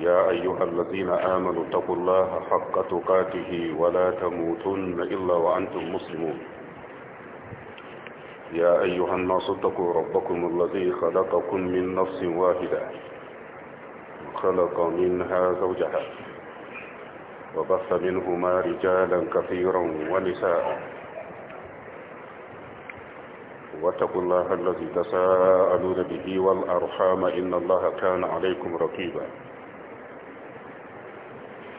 يا أيها الذين آمنوا اتقوا الله حق تقاته ولا تموتن إلا وأنتم مسلمون يا أيها الناس اتقوا ربكم الذي خلقكم من نفس واحدة خلق منها زوجها وبث منهما رجالا كثيرا ونساء واتقوا الله الذي تساءلون به والأرحام إن الله كان عليكم رقيبا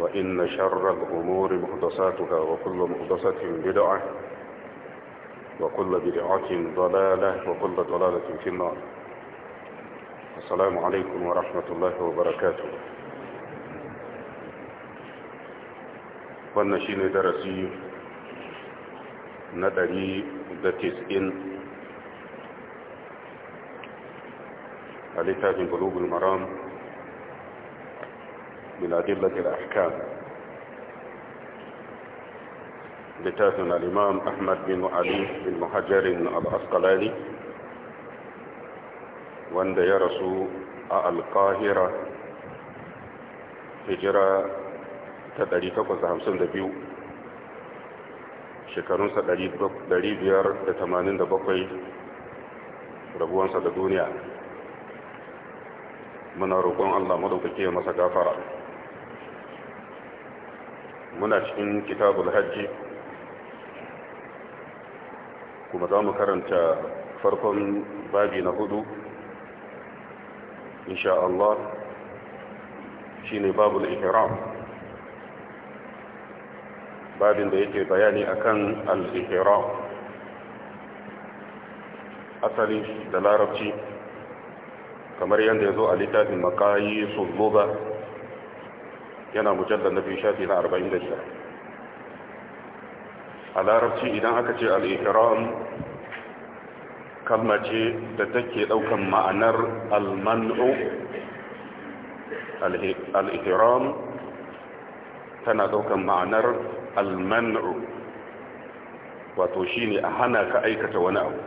وإن شر الأمور محدثاتها وكل محدثة بدعة وكل بدعة ضلالة وكل ضلالة في النار السلام عليكم ورحمة الله وبركاته شيني درسي ندري دتسئن littafin bulugul maram من أدلة الأحكام لتاتنا الإمام أحمد بن علي بن محجر الأسقلاني وأن يرسو القاهرة هجرة تدري تقوز همسن دبيو shekarunsa 587 rabuwansa da duniya muna roƙon Allah madaukake masa gafara muna cikin kitabul hajji kuma za mu karanta farkon babi na hudu insha Allah shi ne babul ihram babin da yake bayani akan al-ihram asali da larabci kamar yadda ya zo a littafin makayi su yana mujallar na biyu shafi na 46 a larabci idan aka ce al'ikiram kalma ce da take ɗaukan ma'anar almanu al'ikiram tana ɗaukan ma'anar almanu wato shi ne a hana ka aikata wani abu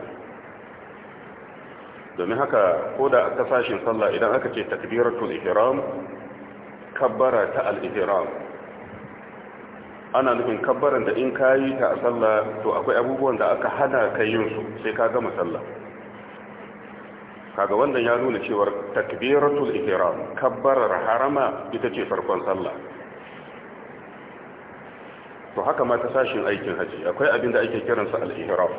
domin haka ko da a kasashen sallah idan aka ce takbiratul ihram kabbara ta al-ihram ana nufin kabbaran da in ka yi ta a sallah to akwai abubuwan da aka hana kai yin su sai ka gama sallah kaga wannan ya nuna cewar takbiratul ihram kabbarar harama ita ce farkon sallah to haka ma ta sashin aikin haji akwai abin da ake kiransa al-ihram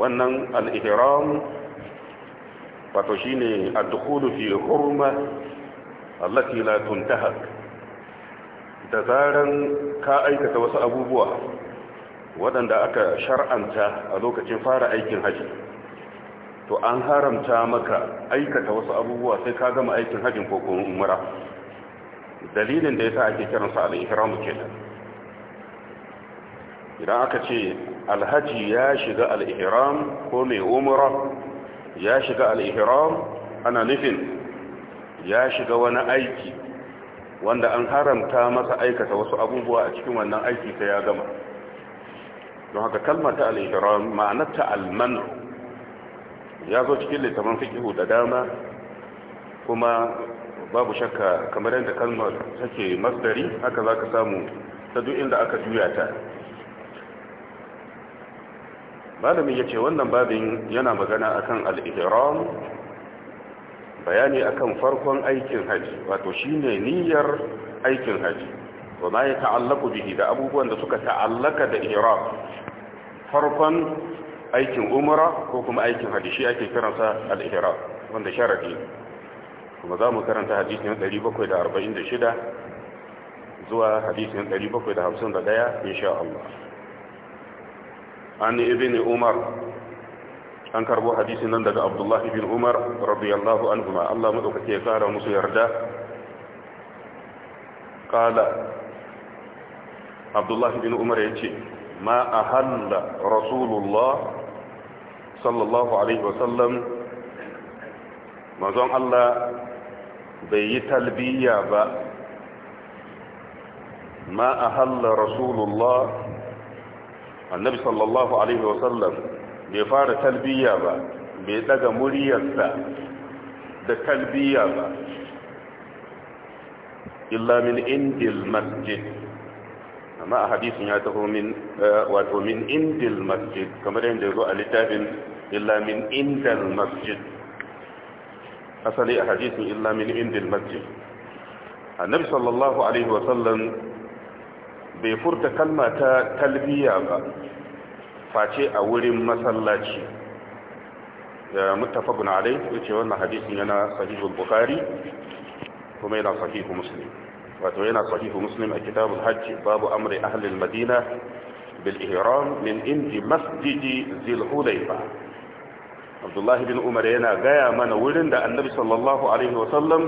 wannan al-ihram wato shine ad-dukhulu fi hurma allati la tuntahak da zaran ka aikata wasu abubuwa waɗanda aka shar'anta a lokacin fara aikin haji to an haramta maka aikata wasu abubuwa sai ka gama aikin hajji ko kuma umara dalilin da yasa ake kiransa al-ihramu kenan idan aka ce alhaji ya shiga al-ihram ko mai umara ya shiga al-ihram ana nufin ya shiga wani aiki wanda an haramta masa aikata wasu abubuwa a cikin wannan aiki ta ya gama don haka kalmar ta al'ihiram ma'anar ta almanu ya zo cikin littafin fikihu da dama kuma babu shakka kamar yadda kalmar take masdari haka za ka samu ta duk inda aka juya ta malamin ya ce wannan babin yana magana akan al'ihiram bayani akan farkon aikin haji wato shine niyyar aikin haji wa ma ta'allaku bihi da abubuwan da suka ta'allaka da ihram farkon aikin umra ko kuma aikin haji shi ake karansa al-ihram wanda sharadi kuma za mu karanta hadisin 746 zuwa hadisin 751 insha Allah an ibn umar an karbo hadisin nan daga abdullah ibn umar radiyallahu anhuma Allah madaukake ya kara musu yarda kala abdullah ibn umar yace ma ahalla rasulullah sallallahu alaihi wasallam manzon Allah bai yi talbiya ba ma ahalla rasulullah annabi sallallahu alaihi wasallam bai fara talbiya ba bai daga muryarsa da talbiya ba illa min indil masjid amma a hadisin ya taho min eh, wato min indil masjid kamar yadda ya zo a littafin illa min indil masjid asali a hadisin illa min indil masjid annabi sallallahu alaihi wasallam bai furta kalma ta talbiya ba face a wurin masallaci da muttafaqun alai yace wannan hadisin yana sahihul bukhari kuma yana sahihu muslim wato yana sahihu muslim a kitabul hajji babu amri ahli al-madina bil ihram min indi masjidi zil hulayfa abdullahi bin umar yana gaya mana wurin da annabi sallallahu alaihi wasallam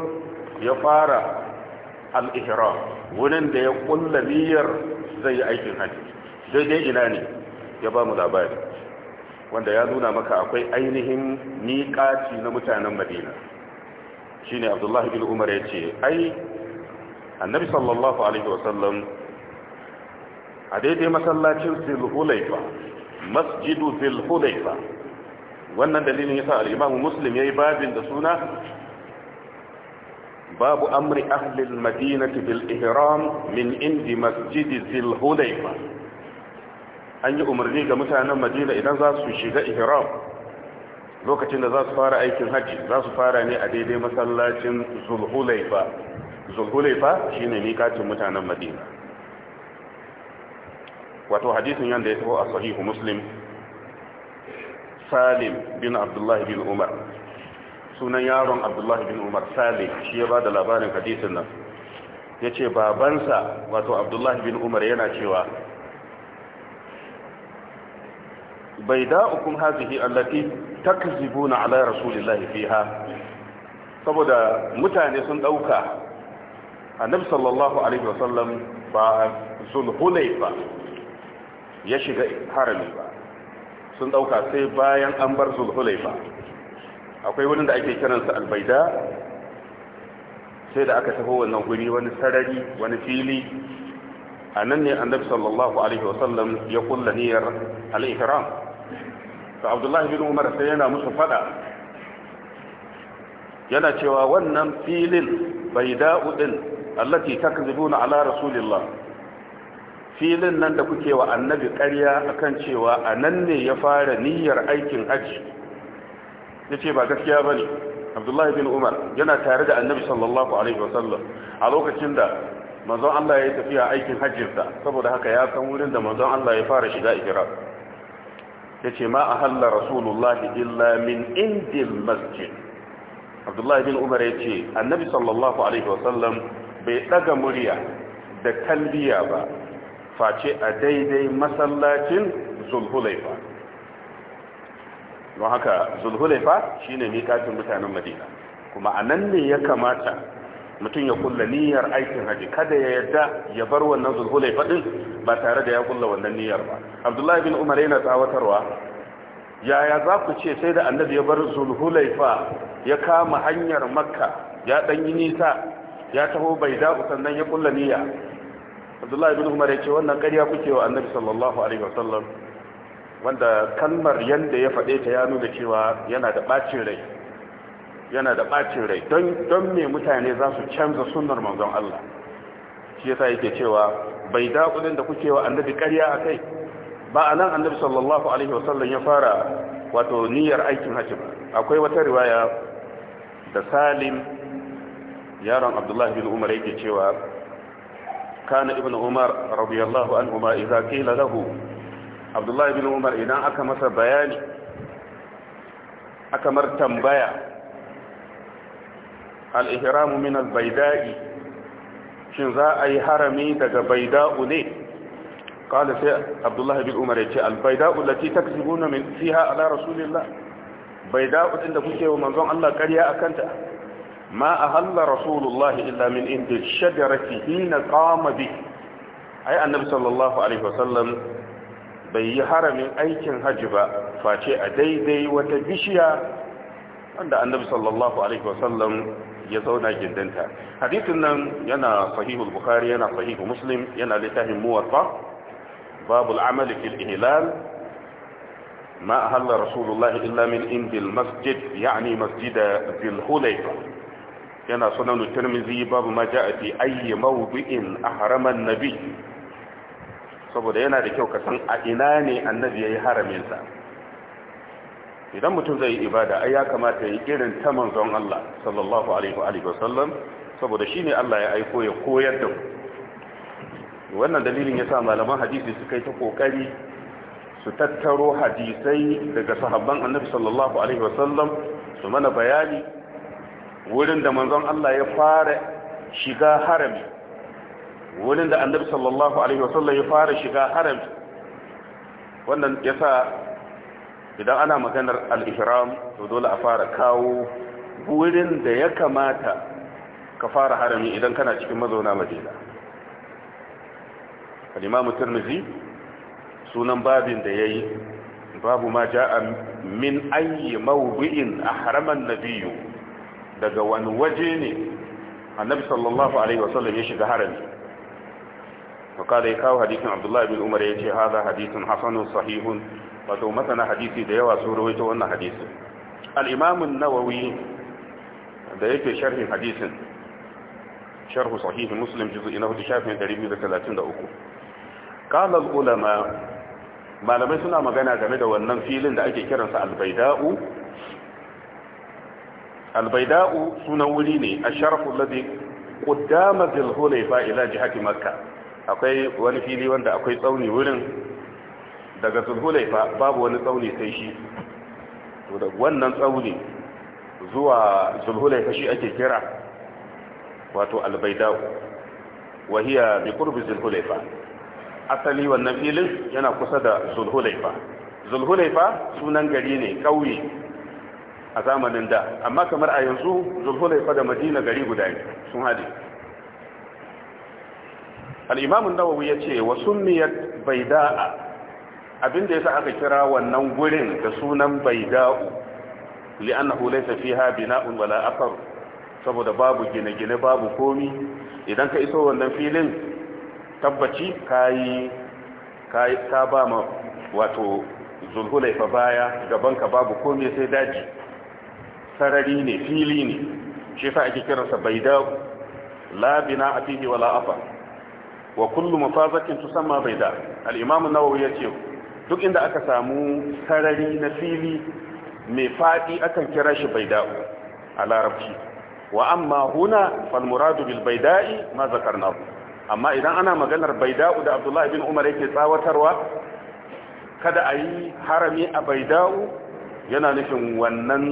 ya fara al-ihram wurin da ya kulla niyyar zai aikin hajji daidai ina ne ya ba mu labari wanda ya nuna maka akwai ainihin niƙaci na mutanen madina shine abdullahi bin umar ya ce ai annabi sallallahu alaihi wasallam a daidai masallacin zilhulaifa masjidu zilhulaifa wannan dalilin yasa al-imamu muslim yi babin da suna babu amri ahlil madinati bil ihram min indi masjidi zilhulaifa an yi umarni ga mutanen madina idan za su shiga ihram lokacin da za su fara aikin hajji za su fara ne a daidai masallacin zulhulaifa zulhulaifa ne mikatin mutanen madina wato hadisin yadda ya taho a sahihu muslim salim bin abdullahi bin umar sunan yaron abdullahi bin umar salim shi ya ba da labarin hadisin nan ya ce babansa wato abdullahi bin umar yana cewa Bai bayda'ukum hadhihi allati takzibuna ala rasulillahi fiha saboda mutane sun dauka annabi sallallahu alaihi wasallam ba zulhulaifa ya shiga harami ba sun dauka sai bayan an bar zulhulaifa akwai wurin da ake kiransa albaida sai da aka taho wannan guri wani sarari wani fili a nan ne annabi sallallahu alaihi wasallam ya kulla niyyar al-ihram to abdullahi bin umar sai yana musu fada yana cewa wannan filin bai da'udin allati takzibuna ala rasulillah filin nan da kuke wa annabi ƙarya akan cewa a nan ne ya fara niyyar aikin hajji ya ce ba gaskiya ba ne abdullahi bin umar yana tare da annabi sallallahu alaihi wasallam a lokacin da manzon allah ya yi tafiya aikin hajjinsa saboda haka ya san wurin da manzon allah ya fara shiga ikira ya ce ma a halla rasulullahi illa min indin masjid abdullahi bin umar ya ce annabi sallallahu alaihi wasallam bai daga murya da kalbiya ba face a daidai masallacin zulhulaifa don haka zulhulaifa shine miƙatin mutanen madina kuma a nan ne ya kamata mutum ya kulla niyyar aikin haji kada ya yadda ya bar wannan zulhulai faɗin ba tare da ya kulla wannan niyyar ba abdullahi bin umar yana tsawatarwa yaya za ku ce sai da annabi ya bar zulhulai fa ya kama hanyar makka ya ɗan yi nisa ya taho bai da'u sannan ya kulla niyya abdullahi bin umar ya ce wannan ƙarya kuke wa annabi sallallahu alaihi wasallam wanda kalmar yanda ya faɗe ta ya nuna cewa yana da ɓacin rai yana da ɓacin rai don me mutane za su canza sunnar manzon Allah shi yasa yake cewa bai daƙunin da kuke wa annabi ƙarya a kai ba a nan annabi sallallahu alaihi wasallam ya fara wato niyyar aikin hajji akwai wata riwaya da salim yaron abdullahi bin umar yake cewa kana ibn umar radiyallahu anhu ma idza qila lahu abdullahi bin umar idan aka masa bayani aka mar tambaya al-ihramu min al-baida'i shi za a yi harami daga baida'u ne qala sai abdullah bin umar yace al-baida'u lati takzibuna min fiha ala rasulillah baida'u din da kuke wa manzon Allah ƙarya kanta. ma a ahalla rasulullah illa min inda shajarati hina qama bi ai annabi sallallahu alaihi wasallam bai yi haramin aikin hajji ba face a daidai wata bishiya wanda annabi sallallahu alaihi wasallam ya zauna gindinta hadisin nan yana sahihul bukhari yana sahihul muslim yana littafin muwatta babul amali fil ihlal ma ahalla rasulullahi illa min indil masjid yani masjid zil hulayfa yana sunan tirmizi babu ma ja'a fi ayyi mawdi'in ahrama an-nabi saboda yana da kyau ka san a ina ne annabi yayi haramin sa idan mutum zai yi ibada ai ya kamata ya yi irin ta manzon Allah sallallahu alaihi wa sallam saboda shi ne Allah ya aiko ya koyar da ku wannan dalilin ya sa malaman hadisi su kai ta kokari su tattaro hadisai daga sahabban annabi sallallahu alaihi wa sallam su mana bayani wurin da manzon Allah ya fara shiga harami wurin da annabi sallallahu alaihi wa sallam ya fara shiga harami wannan yasa idan ana maganar al-ihram to dole a fara kawo wurin da ya kamata ka fara harami idan kana cikin mazauna madina al-imam sunan babin da yi, babu ma ja'a min ayyi mawdi'in a haraman Nabiyu daga wani waje ne annabi sallallahu alaihi wasallam ya shiga harami ya kawo hadithin Abdullahi bin Umar ya ce, haza hadithin حسن Sahihun? wato masana hadisi da yawa sun rawaito wannan hadisi al-imam an-nawawi da yake sharhin hadisin sharh sahih muslim juz'i na 1233 qala al-ulama malamai suna magana game da wannan filin da ake kiransa al-baida'u al-baida'u sunan wuri ne ash-sharfu alladhi qaddama dhul-hulayfa ila jihati makkah akwai wani fili wanda akwai tsauni wurin daga zulhulaifa babu wani tsauni sai shi to da wannan tsauni zuwa zulhulaifa shi ake kira wato albaidau wahiya bi qurbi zulhulaifa asali wannan filin yana kusa da zulhulaifa zulhulaifa sunan gari ne kauye a zamanin da amma kamar a yanzu zulhulaifa da madina gari guda ne sun hade al-imam an-nawawi yace wa sunniyat baida'a Abin da yasa aka kira wannan gurin da sunan baida'u li'annahu laysa fiha bina'un wala athar saboda babu gine-gine babu komi idan ka iso wannan filin tabbaci kai kai ta ba ma wato fa baya gaban ka babu komi sai daji sarari ne fili ne shi yasa ake kiransa baida'u la bina'a fihi wala athar wa kullu mafazatin tusamma baida al-imam an-nawawi yace duk inda aka samu sarari na fili mai faɗi akan kira shi baida'u a larabci wa amma huna Falmuradu bil baida'i ma zakarnahu amma idan ana maganar baida'u da Abdullahi bin Umar yake tsawatarwa kada a yi harami a baida'u yana nufin wannan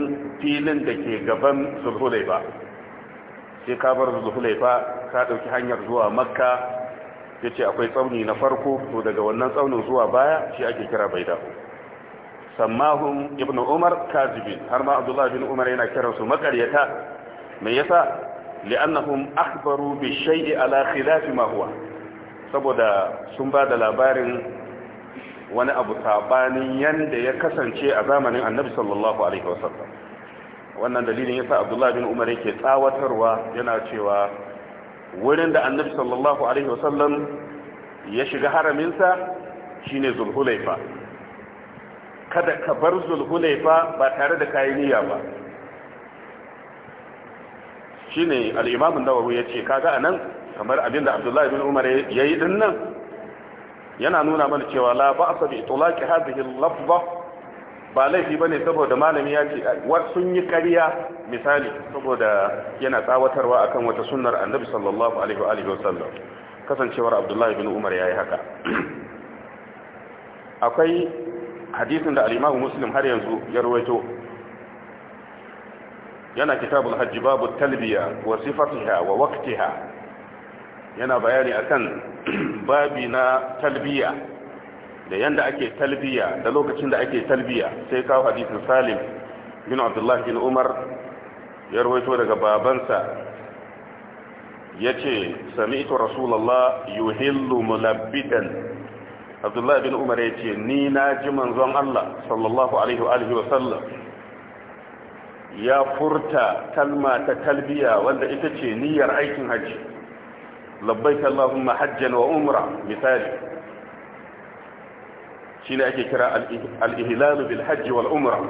filin da ke gaban zulhulaifa sai ka bar zulhulaifa ka ɗauki hanyar zuwa makka ya ce akwai tsauni na farko to daga wannan tsaunin zuwa baya shi ake kira bai dahu sammahun ibn umar kazibin har ma abdullahi bin umar yana kiransu makaryata me yasa li'annahum akhbaru bi shay'i ala khilafi ma huwa saboda sun ba da labarin wani abu sabanin yanda ya kasance a zamanin annabi sallallahu alaihi wasallam wannan dalilin yasa abdullahi bin umar yake tsawatarwa yana cewa wurin da annabi sallallahu alaihi wasallam ya shiga haraminsa shine zulhulaifa kada ka bar zulhulaifa ba tare da kayan niyya ba shine al-imam an ka yace kaga anan kamar abinda abdullahi bin umar yayi din nan yana nuna mana cewa la ba'sa bi itlaqi hadhihi lafza ba laifi ba ne saboda malami ya ce sun yi ƙarya misali saboda yana tsawatarwa akan wata sunnar annabi sallallahu alaihi wa sallam kasancewar abdullahi bin umar ya yi haka akwai hadisin da alimahu muslim har yanzu ya ruwaito yana kitabul hajji babu talbiya wa sifatiha wa waqtiha yana bayani akan babi na talbiya da yanda ake talbiya da lokacin da ake talbiya sai kawo hadisin salim bin abdullahi bin umar ya rawaito daga babansa ya ce sami'tu rasulallah yuhillu mulabbidan abdullahi bin umar ya ce ni na ji manzon allah sallallahu alaihi wa alihi wa sallam ya furta kalma ta talbiya wanda ita ce niyyar aikin hajji labbaik allahumma hajjan wa umra misali shine ake kira al-ihlalu bil hajj wal umra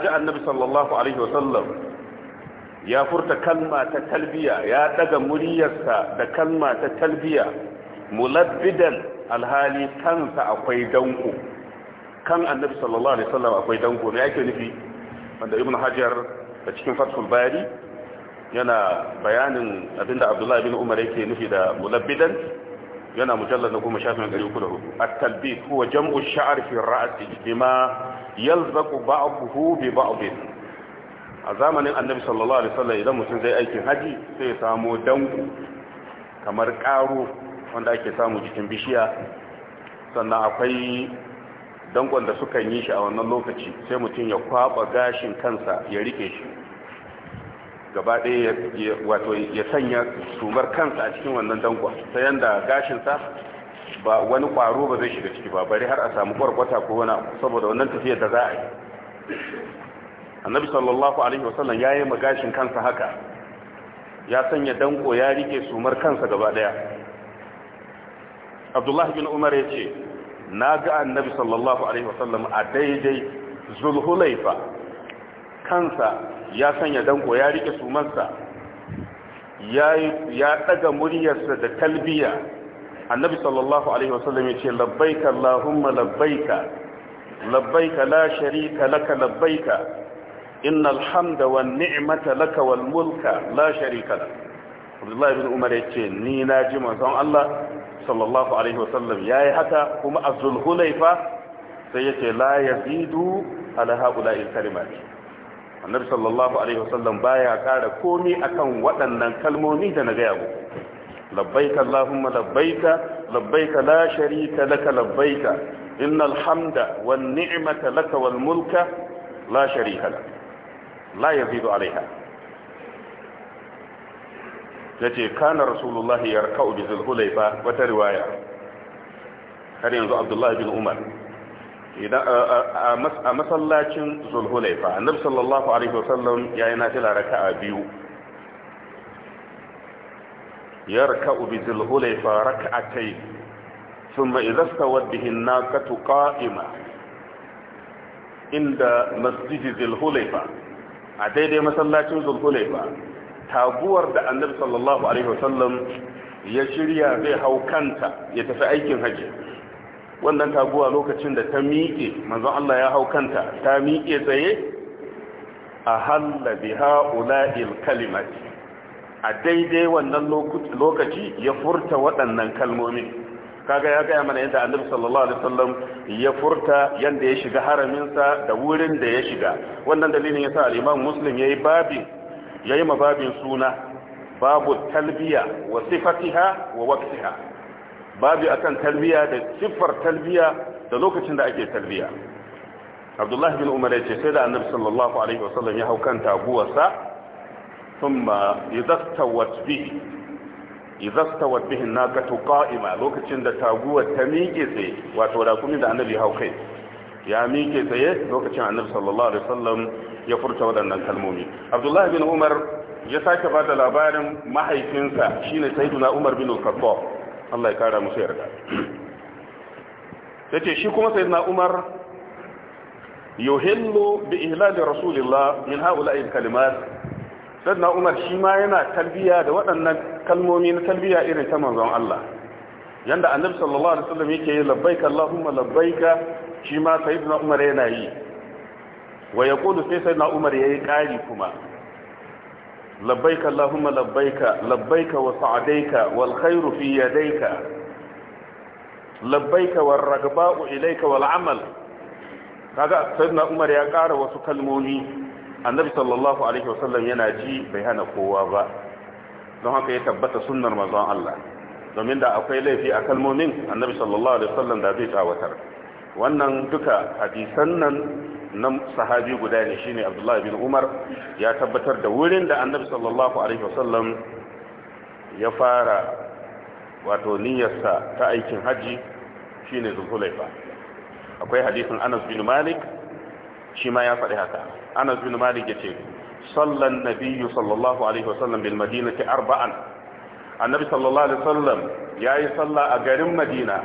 ji annabi sallallahu alaihi wasallam ya furta kalma ta talbiya ya daga muryarsa da kalma ta talbiya mulabbidan alhali kansa akwai danko kan annabi sallallahu alaihi wasallam akwai danko ne yake nufi wanda ibnu hajar da cikin fathul bari yana bayanin abinda abdullahi bin umar yake nufi da mulabbidan yana mujallar na goma shafin gari uku da hudu at-talbis huwa jam'u sha'r fi ra'si bima yalzaqu ba'dahu bi ba'd a zamanin annabi sallallahu alaihi wasallam idan mutum zai aikin haji sai ya samu danku kamar karo wanda ake samu jikin bishiya sannan akwai dangon da suka yi shi a wannan lokaci sai mutum ya kwaba gashin kansa ya rike shi gaba ɗaya wato ya sanya sumar kansa a cikin wannan dangon ta yanda gashinsa ba wani ƙwaro ba zai shiga ciki ba bari har a samu kwarkwata ko wani saboda wannan tafiyar da za a yi annabi sallallahu alaihi wasallam ya yi ma gashin kansa haka ya sanya danko ya rike sumar kansa gaba ɗaya abdullahi bin umar ya ce na ga annabi sallallahu alaihi wasallam a daidai zulhulaifa kansa ya sanya danko ya rike sumarsa ya daga muryarsa da kalbiya annabi sallallahu alaihi wasallam ya ce labbaika allahumma labbaika labbaika la sharika laka labbaika innal hamda wan ni'mata laka wal mulka la sharika lak Abdullah ibn Umar ya ce ni na ji manzon Allah sallallahu alaihi wasallam yayi haka kuma azul hulaifa sai ya ce la yazidu ala haula il kalimati annabi sallallahu alaihi wasallam baya kara komi akan waɗannan kalmomi da na gaya muku labbaika allahumma labbaika labbaika la sharika laka labbaika innal hamda wan ni'mata laka wal mulka la sharika la la yazidu alaiha yace kana rasulullahi yarka'u bi zulhulayfa wata riwaya har yanzu abdullahi bin umar a masallacin zulhulaifa annabi sallallahu alaihi wasallam ya yi nafila raka'a biyu ya raka'u bi zulhulaifa raka'atai thumma idza stawat bihi an-naqatu qa'ima inda masjid zulhulaifa a daidai masallacin zulhulaifa taguwar da annabi sallallahu alaihi wasallam ya shirya zai hau kanta ya tafi aikin hajji wannan taguwa lokacin da ta miƙe manzon Allah ya hau kanta ta miƙe tsaye a halla biha ula'il kalimati a daidai wannan lokaci ya furta waɗannan kalmomi kaga ya gaya mana yadda annabi sallallahu alaihi wasallam ya furta yanda ya shiga haraminsa da wurin da ya shiga wannan dalilin yasa al-Imam Muslim yayi babin yayi mababin suna babu talbiya wa sifatiha wa waqtiha babu akan talbiya da siffar talbiya da lokacin da ake talbiya abdullah bin umar ya ce sai da annabi sallallahu alaihi wasallam ya hau kan taguwarsa thumma idastawat bihi idastawat bihi naqatu qa'ima lokacin da taguwar ta miƙe tsaye wato da kuma da annabi hau kai ya miƙe tsaye lokacin annabi sallallahu alaihi wasallam ya furta waɗannan kalmomi abdullah bin umar ya sake ba da labarin mahaifinsa shine sayyiduna umar bin al-khattab Allah ya kara musu yarda yace shi kuma sayyidina Umar yuhillu bi ihlali rasulillah min haula'i kalimat sayyidina Umar shi ma yana talbiya da waɗannan kalmomi na talbiya irin ta manzon Allah yanda annabi sallallahu alaihi wasallam yake labbaika allahumma labbaika shi ma sayyidina Umar yana yi wa yaqulu sai sayyidina Umar yayi kari kuma labbaika Allahumma labbaika labbaika wa sa'adaika wal khairu fi yadaika labbaika war ragba'u ilayka wal amal kaga sayyidina Umar ya kara wasu kalmomi annabi sallallahu alaihi wasallam yana ji bai hana kowa ba don haka ya tabbata sunnar manzon Allah domin da akwai laifi a kalmomin annabi sallallahu alaihi wasallam da zai tawatar wannan duka hadisan nan nan sahabi guda ne shine abdullahi bin umar ya tabbatar da wurin da annabi sallallahu alaihi wasallam ya fara wato niyyarsa ta aikin haji shine zulhulaifa akwai hadisin anas bin malik shi ma ya faɗi haka anas bin malik ya ce sallan Nabiyu sallallahu alaihi wasallam bil madinati arba'an annabi sallallahu alaihi wasallam yayi sallah a garin madina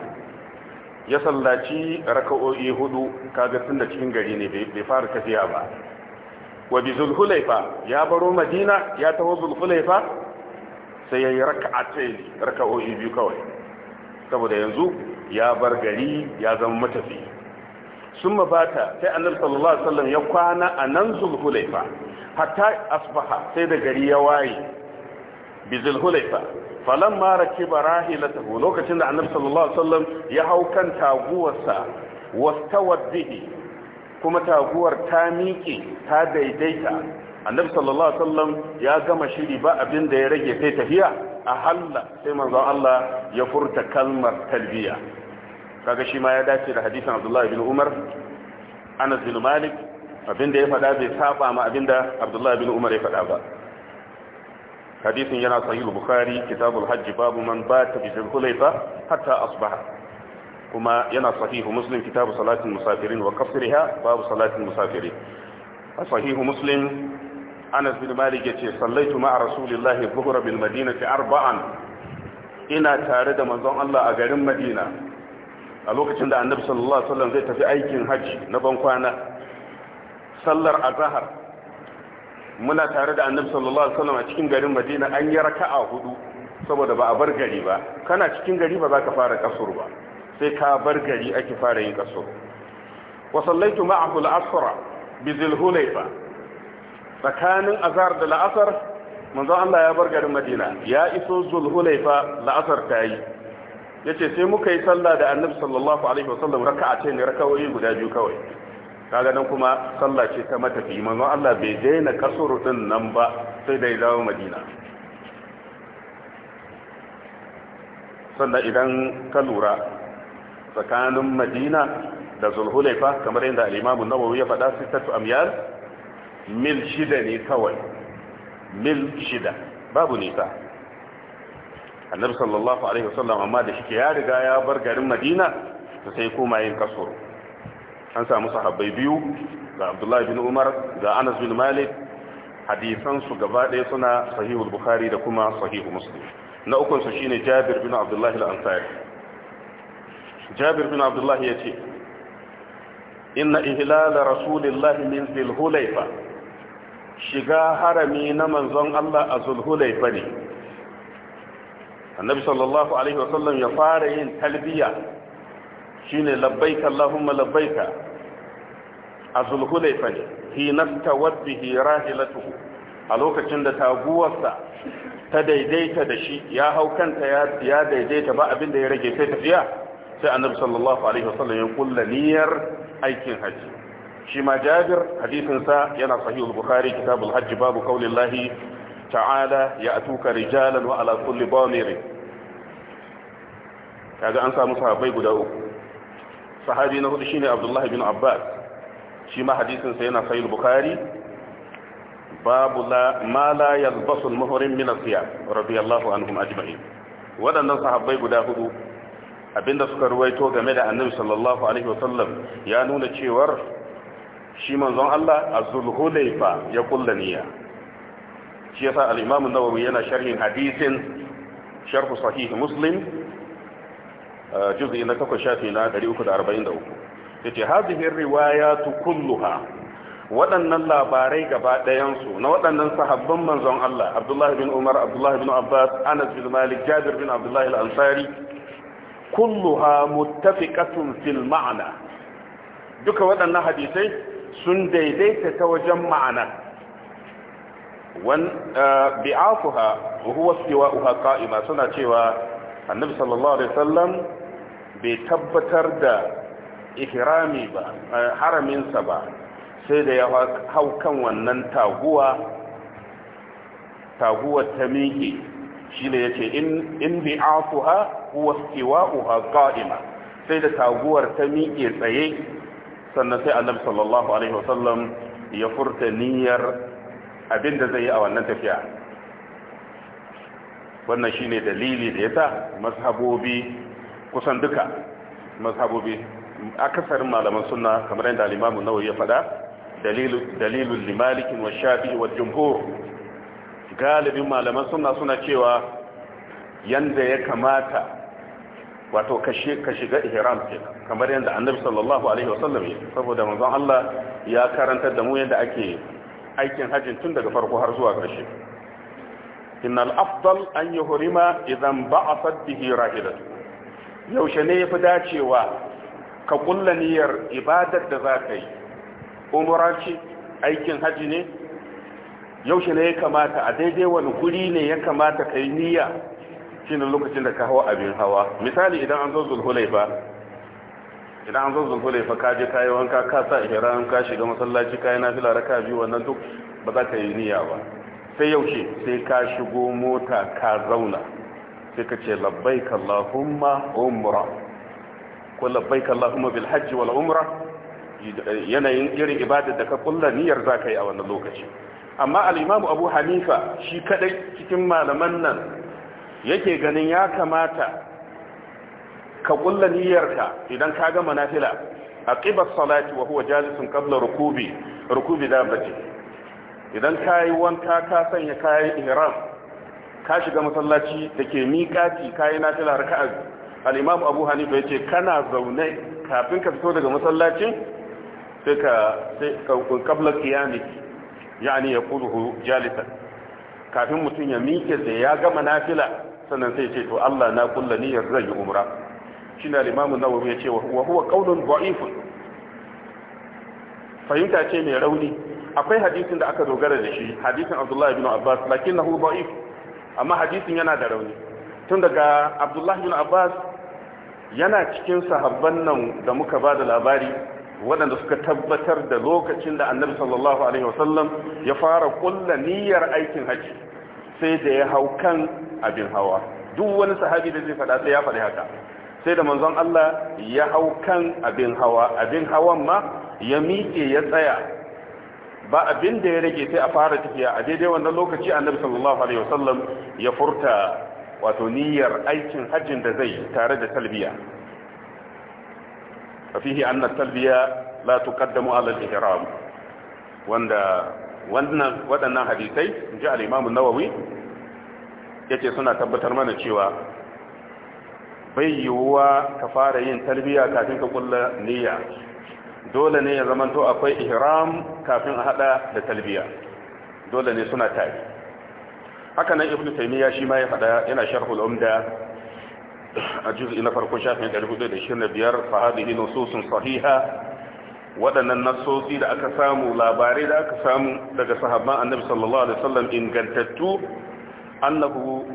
ya sallaci raka'o'i hudu kaga tun da cikin gari ne bai fara tafiya ba wa bi zulhulaifa ya baro madina ya taho zulhulaifa sai ya yi raka'atai raka'o'i biyu kawai saboda yanzu ya bar gari ya zama matafi sun mabata sai annabi sallallahu alaihi wasallam ya kwana a nan zulhulaifa hatta asbaha sai da gari ya waye bi zulhulaifa falan mara kiba rahilatahu lokacin da annabi sallallahu alaihi wasallam ya hau kan taguwarsa wastawad bihi kuma taguwar ta miƙe ta daidaita annabi sallallahu alaihi wasallam ya gama shiri ba abin da ya rage sai tafiya a halla sai manzon Allah ya furta kalmar talbiya kaga shi ma ya dace da hadisin Abdullah ibn Umar Anas bin Malik abin da ya faɗa bai saba ma abin da Abdullah ibn Umar ya faɗa ba hadisin yana sahih bukhari kitabul hajj babu man bata bi zulhulayfa hatta asbaha kuma yana sahih muslim kitabu salatin musafirin wa qasriha babu salatin musafirin sahih muslim anas bin malik yace sallaitu ma'a rasulillahi dhuhra bil madinati arba'an ina tare da manzon Allah a garin Madina a lokacin da annabi sallallahu alaihi wasallam zai tafi aikin haji na ban kwana sallar azhar muna tare da annabi sallallahu alaihi wasallam a cikin garin madina an yi raka'a hudu saboda ba a bar gari ba kana cikin gari ba za ka fara kasur ba sai ka bar gari ake fara yin kasur wa sallaitu ma'ahu al-asra bi zulhulayfa tsakanin azhar da la'asar manzon Allah ya bar garin madina ya iso zulhulayfa la'asar ta yi yace sai muka yi sallah da annabi sallallahu alaihi wasallam raka'a ce ne raka'o'i guda biyu kawai kaga nan kuma sallah ce ta matafi manzon Allah bai daina kasuru din nan ba sai da ya dawo Madina sannan idan ka lura tsakanin Madina da Zulhulaifa kamar yadda al-Imam an-Nawawi ya faɗa sittatu amyal mil shida ne kawai mil shida babu nisa annabi sallallahu alaihi wasallam amma da shi ya riga ya bar garin Madina sai kuma yin kasuru an samu sahabbai biyu ga abdullahi bin umar ga anas bin malik hadisansu gaba ɗaya suna sahihul bukhari da kuma sahihu muslim na ukunsu shi ne jabir bin abdullahi al-ansari jabir bin abdullahi ya ce inna ihlala rasulillahi min zulhulaifa shiga harami na manzon Allah a zulhulaifa ne annabi sallallahu alaihi wasallam ya fara yin talbiya shine labbaika allahumma labbaika azul hulayfa ne fi hira bihi rahilatuhu a lokacin da taguwarsa ta daidaita da shi ya hau kanta ya daidaita ba abin da ya rage sai tafiya sai annabi sallallahu alaihi wasallam ya kulla niyyar aikin haji shi ma jabir hadisin sa yana sahih al-bukhari kitab al-hajj babu qaulillahi ta'ala ya'tuka rijalan wa ala kulli bamir kaga an samu sahabbai guda uku sahabi na hudu shine abdullahi bin abbas shi ma hadisin sa yana sahih bukhari babu la ma la yalbasu muhrim min as radiyallahu anhum ajma'in wadannan sahabbai guda hudu abinda suka ruwaito game da annabi sallallahu alaihi sallam ya nuna cewar shi manzon Allah az-zulhulayfa ya kulla niyya shi yasa al-imam an-nawawi yana sharhin hadisin sharh sahih muslim juz'i na takwas shafi na 343 yace hadhihi riwayatu kulluha waɗannan labarai gaba ɗayansu na waɗannan sahabban manzon Allah Abdullah bin Umar Abdullah bin Abbas Anas bin Malik Jabir bin Abdullah al-Ansari kulluha muttafiqatun fil ma'na duka waɗannan hadisai sun daidaita ta wajen ma'ana bi'afuha huwa siwa'uha qa'ima suna cewa annabi sallallahu alaihi wasallam bai tabbatar da ihrami ba eh, haraminsa ba sai da ya hau kan wannan taguwa taguwar ta miƙe shi ne ya ce in bi afuha kuwa kiwa'uha ƙa'ima sai da taguwar ta miƙe tsaye sannan sai annab sallallahu alaihi wasallam ya furta niyyar abinda zai yi a wannan tafiya wannan shine dalili da yasa sa mazhabobi kusan duka mazhabobi akasarin malaman sunna kamar yadda Limamu imam ya faɗa dalilul limalikin wa shafi wa jumhur galibin malaman sunna suna cewa yanda ya kamata wato ka shiga ihram kamar yadda annabi sallallahu alaihi wasallam ya saboda manzon Allah ya karantar da mu yadda ake aikin hajjin tun daga farko har zuwa ƙarshe innal afdal an yuhrima idan ba'athat bihi rahilatu yaushe ne ya fi dacewa ka kulla niyyar ibadar da za ka yi umara aikin haji ne yaushe ne ya kamata a daidai wani guri ne ya kamata ka yi niyya shine lokacin da ka hawa abin hawa misali idan an zo zulhulaifa idan an zo zulhulaifa ka je kayi wanka ka sa ihram ka shiga masallaci kayi nafila raka biyu wannan duk ba za ka yi niyya ba sai yaushe sai ka shigo mota ka zauna sai ka ce labbaika Allahumma umra ko labbaika Allahumma bil hajji wal umra yanayin irin ibadar da ka kulla niyyar ka yi a wannan lokaci amma al Abu Hanifa shi kadai cikin malaman nan yake ganin ya kamata ka kulla niyyarka idan ka gama nafila ƙibar salati wa huwa jalisun qabla rukubi rukubi dabbati idan yi wanka ka sanya kayan ihram ka shiga masallaci da ke miƙati kayi nafila raka'a al-imam abu hanifa yace kana zaune kafin ka fito daga masallacin sai ka sai qabla qiyami yani yaquluhu jalisan kafin mutum ya miƙe sai ya gama nafila sannan sai ce to Allah na kulla niyyar zan yi umra shine al-imam an-nawawi yace wa huwa qawlun fahimta ce mai rauni akwai hadisin da aka dogara da shi hadisin abdullahi ibn Abbas lakinnahu dha'if amma hadisin yana da rauni tun daga abdullahi bin abbas yana cikin sahabban nan da muka ba da labari waɗanda suka tabbatar da lokacin da annabi sallallahu alaihi wasallam ya fara kulla niyyar aikin haji sai da ya hau kan abin hawa duk wani sahabi da zai faɗa sai ya faɗi haka sai da manzon Allah ya hau kan abin hawa abin hawan ma ya miƙe ya tsaya ba abin da ya rage sai a fara tafiya a daidai wannan lokaci annabi sallallahu alaihi wasallam ya furta wato niyyar aikin hajjin da zai tare da talbiya fihi anna talbiya la tuqaddamu ala al-ihram wanda wannan waɗannan hadisai inji al-imam an-nawawi yace suna tabbatar mana cewa bai yiwuwa ka fara yin talbiya kafin ka kulla niyya dole ne ya zamanto akwai ihram kafin a hada da talbiya dole ne suna tare haka nan ibnu taymiya shi ma ya fada yana sharhul umda a juz'i na farko shafin 425 fa hadhihi nususun sahiha waɗannan nassosi da aka samu labarai da aka samu daga sahabban annabi sallallahu alaihi wasallam ingantattu annahu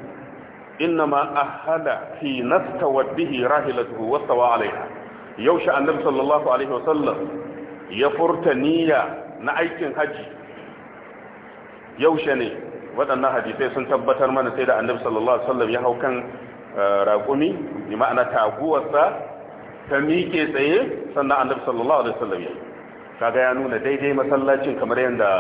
innama ahala fi nastawa bihi rahilatuhu wastawa alaiha yaushe annabi sallallahu alaihi wasallam ya furta niyya na aikin haji yaushe ne waɗannan hadisai sun tabbatar mana sai da annabi sallallahu alaihi wasallam ya hau kan eh, raƙumi bi ma'ana taguwarsa ta mike tsaye sannan annabi sallallahu alaihi wasallam ya kaga ya nuna daidai masallacin kamar yadda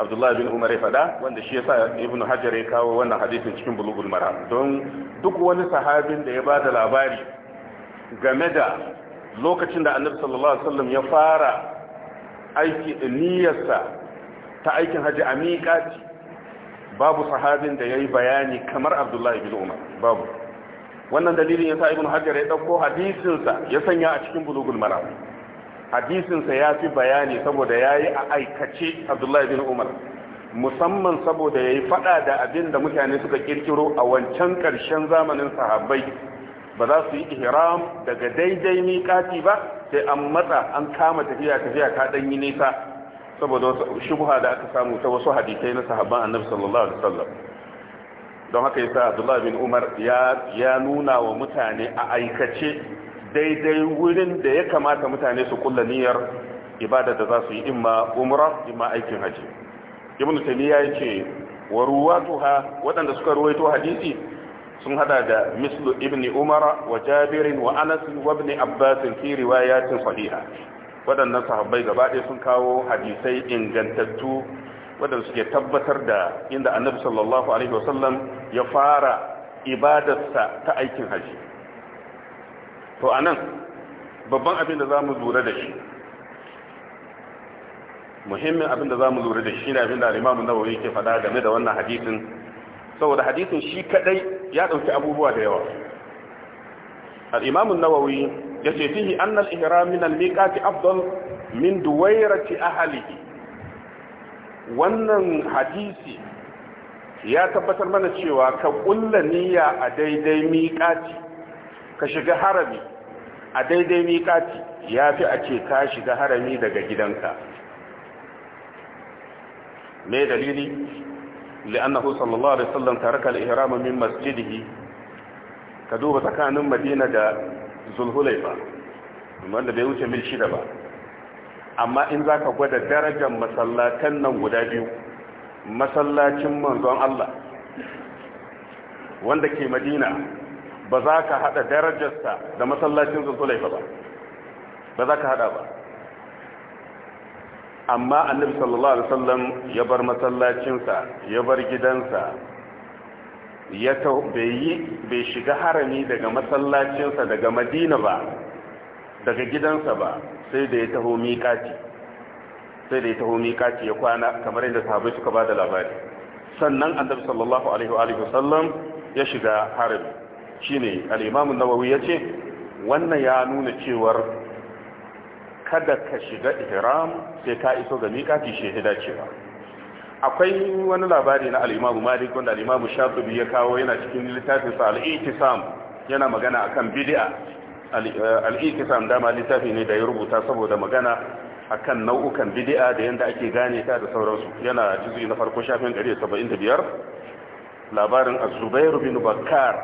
Abdullahi bin Umar ya faɗa wanda shi yasa Ibn Hajar ya kawo wannan hadisin cikin Bulughul Maram don duk wani sahabin da ya bada labari game da lokacin da annabi sallallahu alaihi wasallam ya fara aiki niyyarsa ta aikin haji a miƙati babu sahabin da yayi bayani kamar abdullahi bin umar babu wannan dalilin yasa Ibn hajar ya dauko hadisinsa ya sanya a cikin bulugul maram hadisin ya fi bayani saboda yayi a aikace abdullahi bin umar musamman saboda yayi faɗa da abin da mutane suka ƙirƙiro a wancan ƙarshen zamanin sahabbai ba za su yi ihram daga daidai miƙati ba sai an matsa an kama tafiya tafiya ta ɗan yi nisa saboda wasu shubha da aka samu ta wasu hadisai na sahabban annabi sallallahu alaihi wasallam don haka yasa Abdullah bin Umar ya ya nuna wa mutane a aikace daidai wurin da ya kamata mutane su kulla niyyar ibada da za su yi imma umra imma aikin haji ibnu taymiya yace wa ruwatuha waɗanda suka ruwaito hadisi sun hada da mislu ibni umara wa jabirin wa anas wa ibn abbas fi riwayatin sahiha waɗannan sahabbai gaba ɗaya sun kawo hadisai ingantattu waɗanda suke tabbatar da inda annabi sallallahu alaihi wasallam ya fara ibadarsa ta aikin haji to anan babban abin da zamu lura da shi muhimmin abin da zamu lura da shi ne abin da Imam Nawawi ke faɗa game da wannan hadisin saboda hadisin shi kadai ya dauki abubuwa da yawa al-imam an-nawawi yace fihi anna al-ihram min al-miqati afdal min duwairati ahlihi wannan hadisi ya tabbatar mana cewa ka kulla niyya a daidai miqati ka shiga harami a daidai miƙati ya fi ka shiga harami daga gidanka me dalili li'annahu sallallahu alaihi wasallam taraka al-ihrama min masjidihi ka duba tsakanin madina da zulhulaifa wanda bai wuce mil shida ba amma in zaka gwada darajar masallatan nan guda biyu masallacin manzon Allah wanda ke madina ba za ka hada darajarsa da masallacin zulhulaifa ba ba za ka ba amma annabi sallallahu alaihi wasallam ya bar masallacinsa ya bar gidansa ya bai shiga harami daga masallacinsa daga madina ba daga gidansa ba sai da ya taho miƙaci sai da ya taho miƙaci ya kwana kamar yadda sahabbai suka ba da labari sannan annabi sallallahu alaihi wasallam ya shiga harami shine al-imam an-nawawi yace wannan ya nuna cewar kada ka shiga ihram sai ka iso ga miƙati shehida cewa akwai wani labari na al-Imam Malik wanda al-Imam Shafi'i ya kawo yana cikin littafin sa al yana magana akan bid'a al dama littafi ne da ya rubuta saboda magana akan nau'ukan bid'a da yanda ake gane ta da sauransu yana juzu na farko shafin 175 labarin Az-Zubair bin Bakkar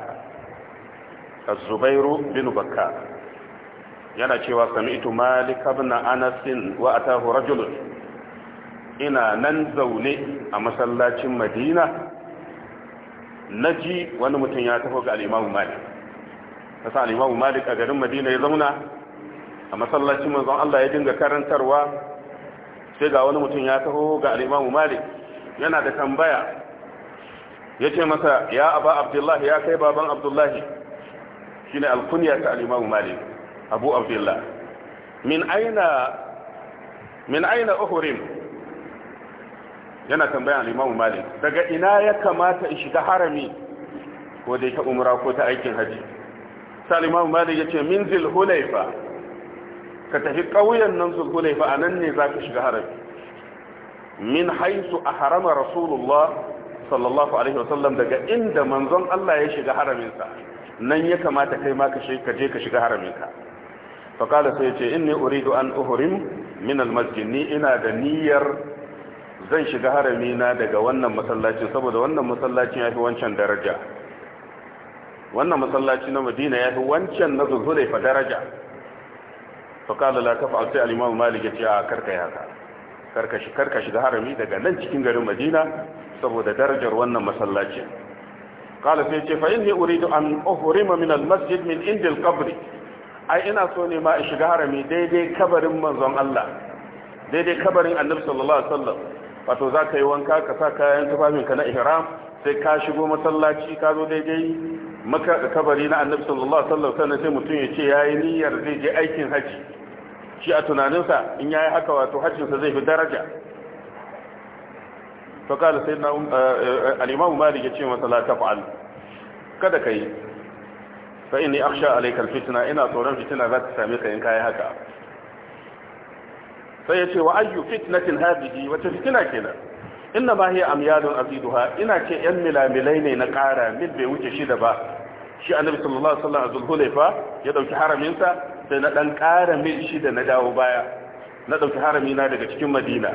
Az-Zubair bin Bakkar yana cewa sami'tu malik ibn anas wa atahu rajul ina nan zaune a masallacin madina naji wani mutum ya taho ga al-imam malik kasa al-imam malik a garin madina ya zauna a masallacin manzon Allah ya dinga karantarwa sai ga wani mutum ya taho ga al-imam malik yana da tambaya ya ce masa ya aba abdullahi ya kai baban abdullahi shine al-kunya ta al-imam malik abu abdullah min aina min aina uhurim yana tambayan al-imamu malik daga ina ya kamata in shiga harami ko dai ta umra ko ta aikin haji sai al-imamu malik yace min zil hulaifa ka tafi ƙauyen nan zul a nan ne za ka shiga harami min haisu a harama rasulullah sallallahu alaihi wasallam daga inda manzon Allah ya shiga haraminsa nan ya kamata kai ma ka je ka shiga haraminka faƙala sai ce in inni uridu an uhurim min almasjid ni ina da niyyar zan shiga harami na daga wannan masallacin saboda wannan masallacin fi wancan daraja wannan masallaci na madina fi wancan na zuzure fa daraja faƙala la kafa sai al-imam malik ya ce a karka haka karka shiga harami daga nan cikin garin madina saboda darajar wannan masallacin قال سيدي فإني أريد أن أهرم min المسجد min indil القبر ai ina so ne ma in shiga harami daidai kabarin manzon Allah daidai kabarin annabi sallallahu alaihi wasallam wato za ka yi wanka ka sa kayan ka na ihram sai ka shigo masallaci ka zo daidai maka kabari na annabi sallallahu alaihi wasallam sannan sai mutum ya ce yayi niyyar zai je aikin haji shi a tunaninsa in yayi haka wato hajjinsa zai fi daraja to kala sai na eh, eh, al-imam malik ya ce masa fa'al kada kai fa inni akhsha alayka alfitna ina tsoron fitina za ta same ka in kai haka sai yace wa ayyu fitnatin hadhihi wata fitina kenan inna ma hiya amyalun aziduha ina ce yan milamilai ne na ƙara min bai wuce shida ba shi annabi sallallahu alaihi wasallam azul ya dauki haramin sa sai na dan ƙara mil shida na dawo baya na dauki harami na daga cikin madina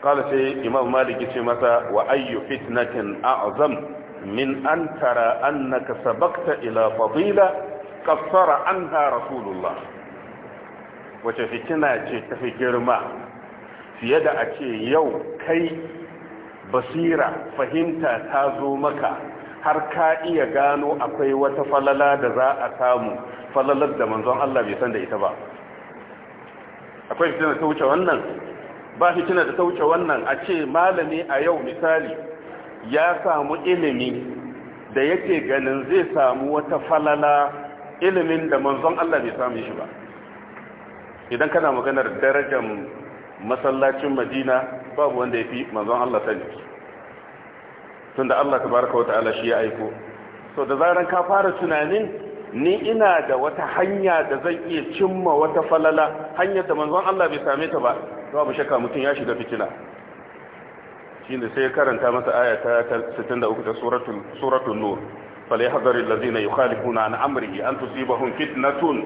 qala sai imam malik ya ce masa wa ayyu fitnatin a'zam min an tara annaka sabakta ila fadila kaffara anha rasulullah wace fitina ce ta fi girma fiye da a ce yau kai basira fahimta ta zo maka har ka iya gano akwai wata falala da za a samu falalar da manzon Allah bai san da ita ba akwai fitina ta wuce wannan ba fitina da ta wuce wannan a ce malami a yau misali ya samu ilimi da yake ganin zai samu wata falala ilimin da manzon Allah bai samu shi ba idan kana maganar darajar masallacin madina babu wanda ya fi manzon Allah sani tunda Allah tabaraka ta'ala shi ya aiko so da zaran ka fara tunanin ni ina da wata hanya da zan iya cimma wata falala hanyar da manzon Allah bai same ta ba babu shakka mutum ya shiga fitina shine sai ya karanta masa aya ta 63 ta suratul suratul nur falyahdharu allazina yukhalifuna an amrihi an tusibahum fitnatun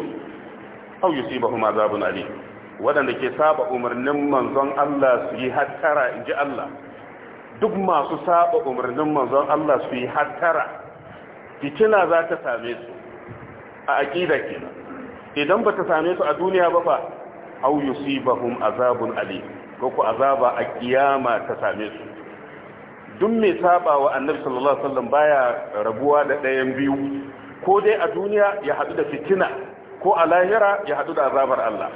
aw yusibahum adhabun alim wadanda ke saba umarnin manzon Allah su yi hattara inji Allah duk masu saba umarnin manzon Allah su yi hattara fitina za ta same su a aqida kenan idan ba ta same su a duniya ba fa aw yusibahum azabun alim ko ku azaba a kiyama ta same su duk mai saba wa annabi sallallahu alaihi wasallam baya rabuwa da ɗayan biyu ko dai a duniya ya hadu da fitina ko a lahira ya hadu da azabar Allah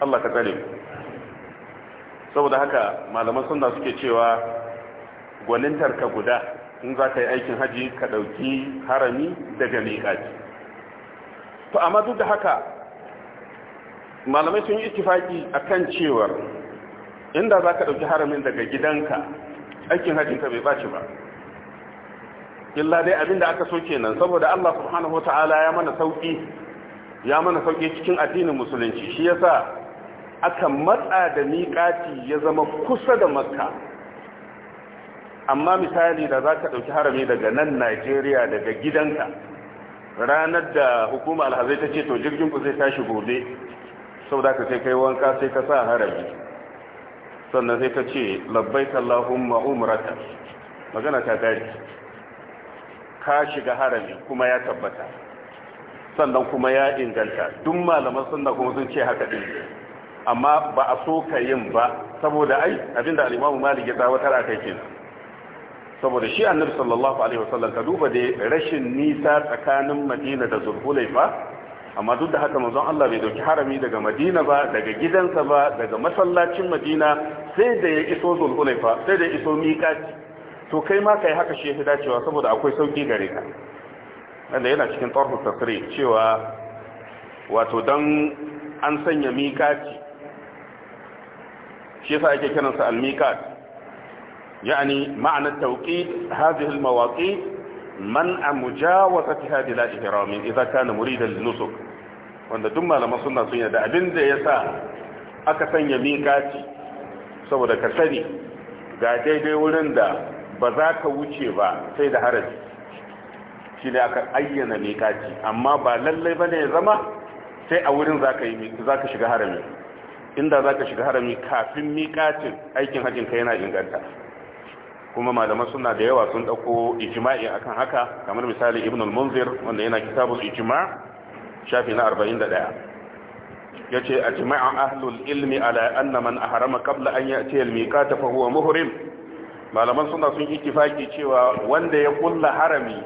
Allah ka tsare saboda haka malaman sunna suke cewa gwanintar ka guda in za ka yi aikin haji ka ɗauki harami daga miƙaci to amma duk da haka malamai sun yi ittifaki akan cewar inda za ka ɗauki haramin daga gidanka aikin hajjin ka bai baci ba illa dai abin da aka so kenan saboda Allah subhanahu wataala ya mana sauki ya mana sauki cikin addinin musulunci shi yasa aka matsa da miƙati ya zama kusa da makka amma misali da zaka ka ɗauki harami daga nan najeriya daga gidanka ranar da hukuma alhazai ta ce to jirgin ku zai tashi gobe sau da ka sai kai wanka sai ka sa harami sannan sai ta ce labbai Allahumma umrata magana ta gari ka shiga harami kuma ya tabbata sannan kuma ya inganta duk malaman sunna kuma sun ce haka din amma ba a so ka yin ba saboda ai abinda al-Imam Malik ya a akai ke. saboda shi annabi sallallahu alaihi wasallam ka duba da rashin nisa tsakanin Madina da Zulhulaifa amma duk da haka manzon Allah bai dauki harami daga Madina ba daga gidansa ba daga masallacin Madina sai da ya iso Zulhulaifa sai da ya iso miƙati to kai ma kai haka shi ya dacewa saboda akwai sauki gare ka wanda yana cikin tarhu tasri cewa wato dan an sanya miƙati shi yasa ake kiran al-miqat yani ma'ana tawqit hadhihi al-mawaqit منع مجاوزة هذه الإهرام إذا كان مريدا للنسك wanda duk malaman suna sun yarda abin da ya sa aka sanya miƙaci saboda ka sani ga daidai wurin da ba za ka wuce ba sai da haraji shi ne aka ayyana miƙaci amma ba lallai ba ne ya zama sai a wurin za ka shiga harami inda za ka shiga harami kafin miƙacin aikin ka yana inganta kuma malaman suna da yawa sun ɗauko ijima'i akan haka kamar misali ibn al-munzir wanda yana kitabun ijima shafi na 41 a jima'an ahlul ilmi ala anna man kabla qabla an ya'ti al-miqat fa huwa muhrim malaman suna sun ittifaki cewa wanda ya kulla harami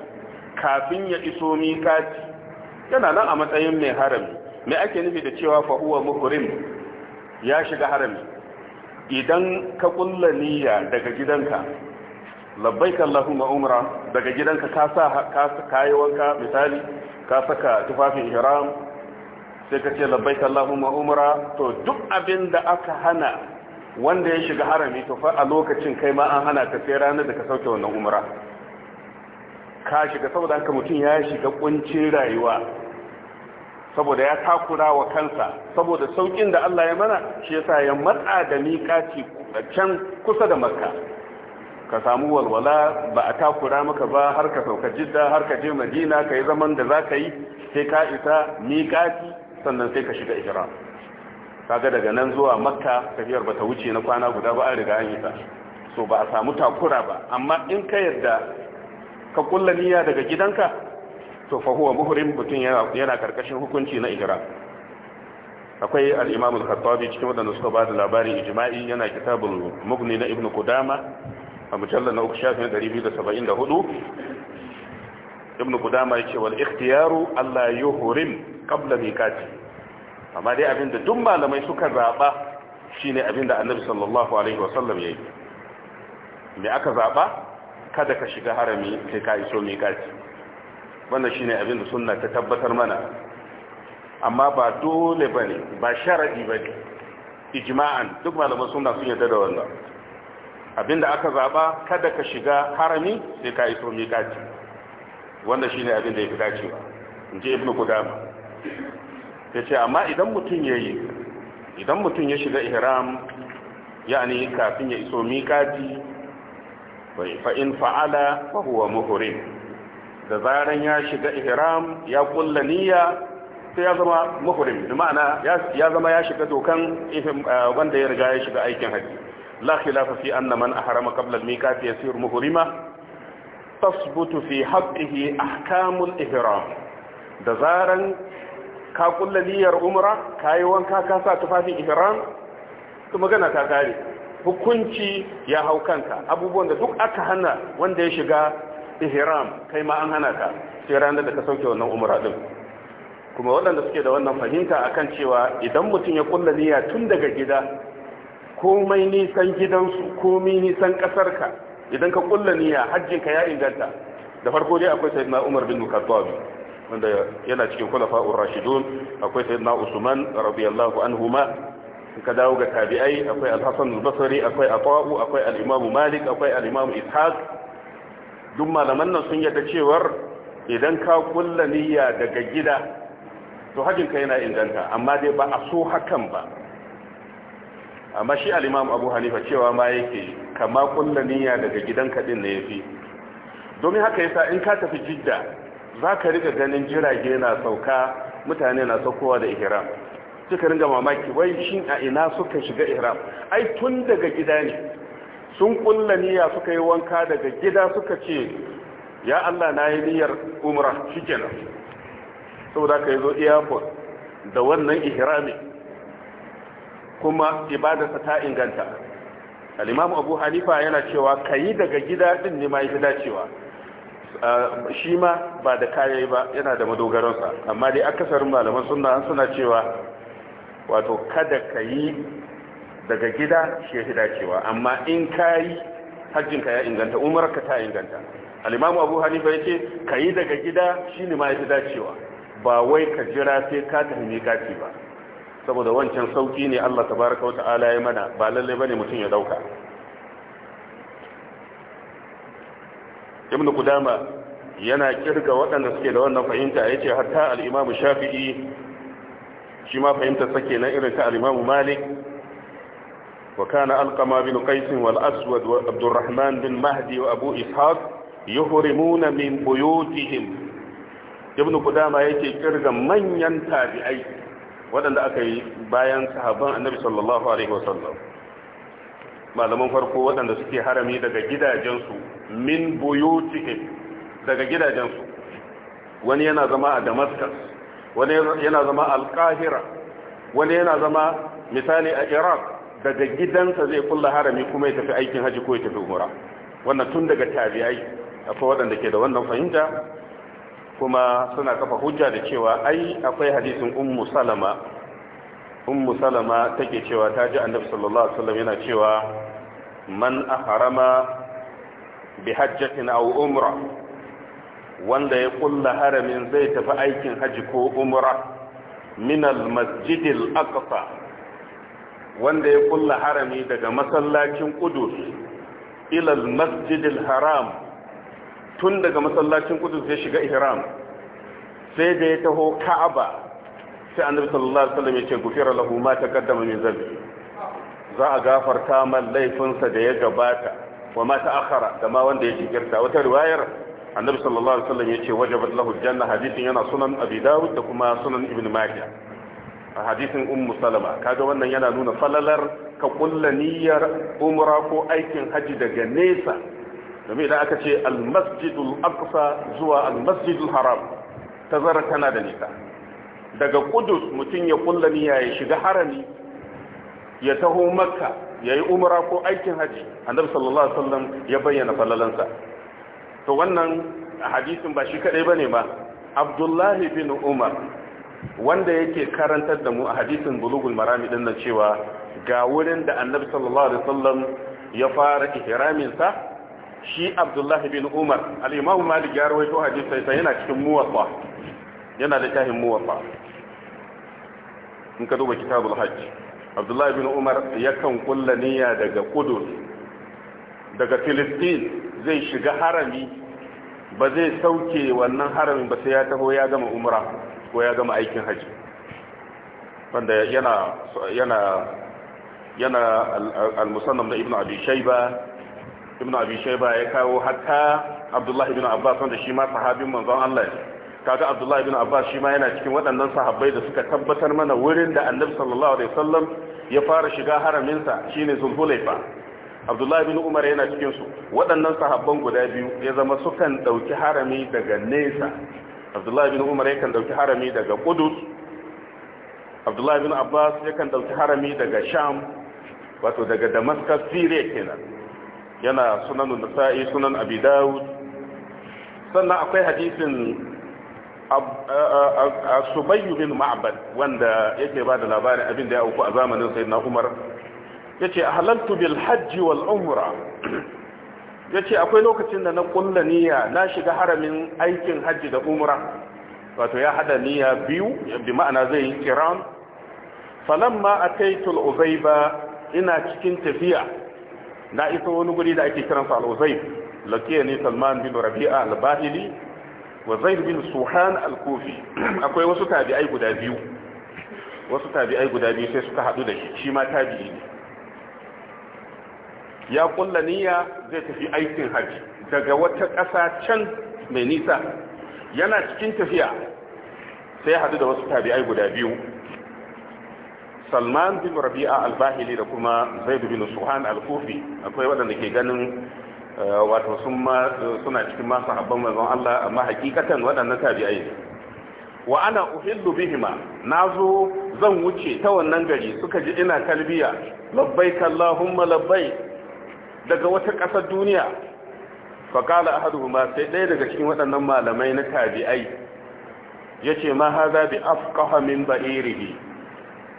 kafin ya iso miqati yana nan a matsayin mai harami me ake nufi da cewa fahuwar huwa ya shiga harami idan ka kulla niyya daga gidanka labbaika allahumma umra daga gidanka ka sa kayi wanka misali ka saka tufafin ihram sai ka ce labbaika Allahumma umra to duk abin da aka hana wanda ya shiga harami to fa a lokacin kai ma an hana ka sai ranar da ka sauke wannan umra ka shiga saboda haka mutum ya shiga kuncin rayuwa saboda ya takura wa kansa saboda saukin da Allah ya mana shi yasa ya matsa da miƙaci can kusa da makka ka samu walwala ba a takura maka ba har ka sauka jidda har ka je madina ka yi zaman da za ka yi sai ka isa miƙati sannan sai ka shiga ihram kaga daga nan zuwa makka tafiyar ba ta wuce na kwana guda ba an riga an isa so ba a samu takura ba amma in ka yarda ka kulla niyya daga gidanka to fa huwa muhrim mutum yana yana karkashin hukunci na ihram akwai al-imam al-khattabi cikin wadanda suka ba da labarin ijma'i yana kitabul mughni na ibnu qudama a mujallar na uku shafin 274 ibn kudama ya ce wal ikhtiyaru Allah yuhrim kabla miqati amma dai abinda duk malamai suka zaba shine abinda annabi sallallahu alaihi wasallam yi, me aka zaɓa? kada ka shiga harami sai ka iso miqati wannan ne abinda sunna ta tabbatar mana amma ba dole ba ne, ba sharadi ne, ijima'an duk malaman sunna sun yarda da wannan abinda aka zaba kada ka shiga harami sai ka iso miƙati wanda shine abin da ya fi dacewa in ji ibnu Ya yace amma idan mutum yayi idan mutum ya shiga ihram yani kafin ya iso miƙati fa in fa'ala fa huwa muhrim da zaran ya shiga ihram ya kulla niyya sai ya zama muhrim ma'ana ya zama ya shiga dokan eh, wanda ya riga ya shiga aikin haji لا خلاف في أن من أحرم قبل al-miqat yasir muhrima في fi أحكام الإهرام ihram da zaran ka كايوان niyyar umra إهرام wanka ka sa tufafin ihram magana ta kare hukunci ya hau kanka abubuwan da duk aka hana wanda ya shiga ihram kai ma an hana ka sai ranar da ka sauke wannan umra din kuma waɗanda suke da wannan fahimta akan cewa idan mutum ya kulla niyya tun daga gida komai nisan gidansu komai nisan ƙasarka idan ka kulla niyya hajjinka ya inganta da farko dai akwai sayyidina Umar bin Khattab wanda yana cikin khulafa'ur rashidun akwai sayyidina Usman radiyallahu anhuma ka dawo ga tabi'ai akwai al-Hasan al-Basri akwai Ata'u akwai al-Imam Malik akwai al-Imam Ishaq duk malaman nan sun yadda cewar idan ka kulla niyya daga gida to hajinka yana inganta amma dai ba a so hakan ba amma shi al’imam abu hanifa cewa ma yake kama kulla niyya daga gidanka din ne yafi domin haka yasa in ka tafi jidda za ka riga ganin jirage na sauka mutane na saukowa da ihram suka ringa mamaki wai shin a ina suka shiga ihram ai tun daga gida ne sun kulla niyya suka yi wanka daga gida suka ce ya Allah na yi niyyar umra shikenan saboda ka yi zo airport da wannan ihrami kuma ibadarsa ta inganta al abu hanifa yana cewa kayi daga gida din ne ma ya dacewa shi ma ba da kayayi ba yana da madogaransa amma dai akasarin malaman sunna suna cewa wato kada kayi daga gida shi ya dacewa amma in kayi hajjinka ya inganta umarka ta inganta al abu hanifa ka kayi daga gida shine ma ya dacewa ba wai ka jira sai ka tafi miƙati ba saboda wancan sauki ne Allah tabaraka wa ta'ala ya mana ba lalle bane mutum ya dauka ibnu qudama yana kirga waɗanda suke da wannan fahimta ce hatta al shafi'i shi ma fahimta sake na irin ta al malik wa kana alqama bin qais wal aswad wa abdurrahman bin mahdi wa abu ishaq yuhrimuna min buyutihim ibnu qudama yake kirga manyan tabi'ai waɗanda aka yi bayan sahabban annabi sallallahu alaihi wasallam malaman farko waɗanda suke harami daga gidajensu min buyutihim daga gidajensu wani yana zama a damascus wani yana zama a alkahira wani yana zama misali a iraq daga gidansa zai kulla harami kuma ya tafi aikin haji ko ya tafi umura wannan tun daga tabi'ai akwai waɗanda ke da wannan fahimta kuma suna kafa hujja da cewa ai akwai hadisin ummu salama ummu salama take cewa ta ji annabi sallallahu alaihi wasallam yana cewa man ahrama bi hajjatin aw umra wanda ya kulla haramin zai tafi aikin haji ko umra min al masjidil aqsa wanda ya kulla harami daga masallacin qudus ila al masjidil haram tun daga masallacin kudus ya shiga ihram sai da ya taho ka'aba sai annabi sallallahu alaihi wasallam ya ce gufira lahu ma taqaddama min zambi za a gafarta man laifinsa da ya gabata wa ma ta'akhara da ma wanda ya jinkirta wata riwayar annabi sallallahu alaihi wasallam ya ce wajabat lahu janna hadisin yana sunan abi dawud da kuma sunan ibn majah a hadisin ummu salama kaga wannan yana nuna falalar ka kulla niyyar umra ko aikin haji daga nesa domin idan aka ce almasjidul aqsa zuwa almasjidul haram tazara tana da nisa daga kudus mutum ya kulla niyya ya shiga harami ya taho makka ya yi umra ko aikin haji annabi sallallahu alaihi wasallam ya bayyana falalansa to wannan hadisin ba shi kadai bane ba abdullahi bin umar wanda yake karantar da mu a hadisin bulugul marami din nan cewa ga wurin da annabi sallallahu alaihi wasallam ya fara ihramin shi abdullahi bin umar al'imamu malik ya rawaito hadisai sai yana cikin muwafa yana da tahin muwafa in ka duba kitabul Hajji. abdullahi bin umar yakan kulla niyya daga Kudu, daga filistin zai shiga harami ba zai sauke wannan haramin ba sai ya taho ya gama umra ko ya gama aikin hajji wanda yana yana yana al-musannam na ibnu abi shayba ibn abi shayba ya kawo hatta abdullahi ibn abbas wanda shi ma sahabin manzon Allah ne kaga abdullahi ibn abbas shi ma yana cikin waɗannan sahabbai da suka tabbatar mana wurin da annabi sallallahu alaihi wasallam ya fara shiga haramin sa shine zulhulaifa abdullahi ibn umar yana cikin su waɗannan sahabban guda biyu ya zama sukan dauki harami daga nesa abdullahi ibn umar yakan dauki harami daga qudus abdullahi ibn abbas yakan dauki harami daga sham wato daga damascus syria kenan yana sunan nasa'i sunan abi dawud sannan akwai hadisin subayyu bin ma'bad wanda yake ba da labarin abin da ya auku a zamanin sayyidina umar yace ahlaltu bil bilhajji wal umra yace akwai lokacin da na kulla niyya na shiga haramin aikin hajji da umra wato ya hada niyya biyu bi ma'ana zai yi kiran falamma ataitu al uzayba ina cikin tafiya na isa wani guri da ake kiransa al-uzayb lakiya ne salman bin rabi'a al-bahili wa zaid bin suhan al-kufi akwai wasu tabi'ai guda biyu wasu tabi'ai guda biyu sai suka hadu da shi shi ma tabi'i ne ya kulla niyya zai tafi aikin haji daga wata ƙasa can mai nisa yana cikin tafiya sai hadu da wasu tabi'ai guda biyu salman bin rabi'a al-bahili da kuma zaid bin suhan al-kufi akwai waɗanda ke ganin eh, wato sun ma suna cikin masu habban manzon Allah amma hakikatan waɗannan tabi'ai ne wa ana uhillu bihima nazo zan wuce ta wannan gari suka ji ina kalbiya labbaik allahumma labbaik daga wata ƙasar duniya fa qala ahaduhuma sai ɗaya daga cikin waɗannan malamai na tabi'ai yace ma hadha bi afqaha min ba'irihi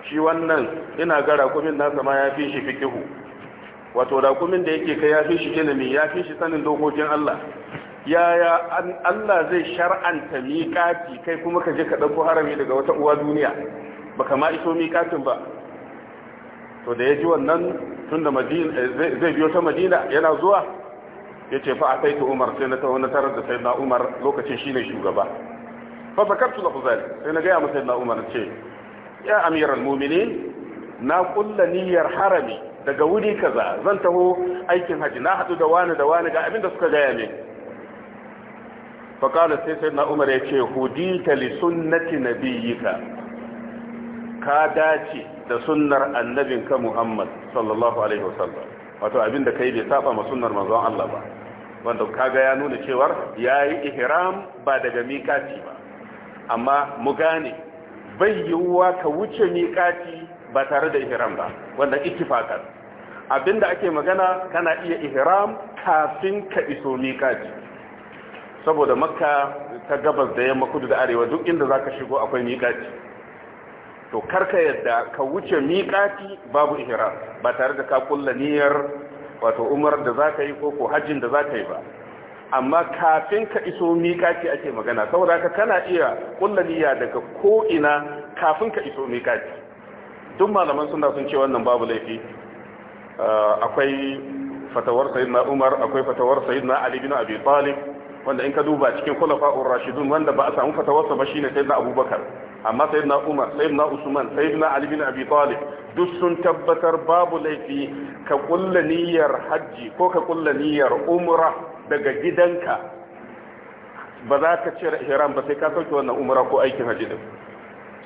shi wannan ina ga rakumin nasa ma ya fi shi fikihu wato rakumin da yake kai ya fi shi ilimi ya fi shi sanin dokokin Allah yaya Allah zai shar'anta miƙati kai kuma ka je ka ɗauko harami daga wata uwa duniya baka ma iso miƙatin ba to da ya ji wannan tun da eh, zai biyo ta madina yana zuwa ya ce fa a kai ta umar sai na ta wani tarar da sai na umar lokacin shi ne shugaba fa sakartu lahu zalik sai na gaya masa na umar ce ya amiral muminin na kulla niyyar harami daga wuri kaza zan taho aikin haji na hadu da wani da wani ga abin da suka gaya min faƙala sai sai na umar ya ce hudita li sunnati nabiyyika ka dace da sunnar ka muhammad sallallahu alaihi wasallam wato abin da kai bai saba ma sunnar manzon Allah ba wanda kaga ya nuna cewar yayi ihram ba daga mikati ba amma mu gane bai yiwuwa ka wuce miƙati ba tare da ihram ba wanda ittifaqan abinda ake magana kana iya ihram kafin ka iso miƙati saboda makka ta gabas da yamma kudu da arewa duk inda zaka shigo akwai miƙati to karka yadda ka wuce miƙati babu ihram ba tare da ka kulla wato umar da zaka yi ko ko hajjin da zaka yi ba amma kafin ka iso miƙa ce ake magana saboda ka kana iya ƙulla niyya daga ko ina kafin ka iso miƙa ce. duk malaman suna sun ce wannan babu laifi uh, akwai fatawar na Umar akwai fatawar sayid Ali bin abu Talib wanda in ka duba cikin khulafa'ur rashidun wanda ba a samu fatawarsa ba shine na Abubakar amma na Umar na Usman sayyidina Ali bin Abi Talib duk sun tabbatar babu laifi ka kulla niyyar hajji ko ka kulla niyyar umra daga gidanka ba za ka cire ihram ba sai ka sauke wannan umara ko aikin haji din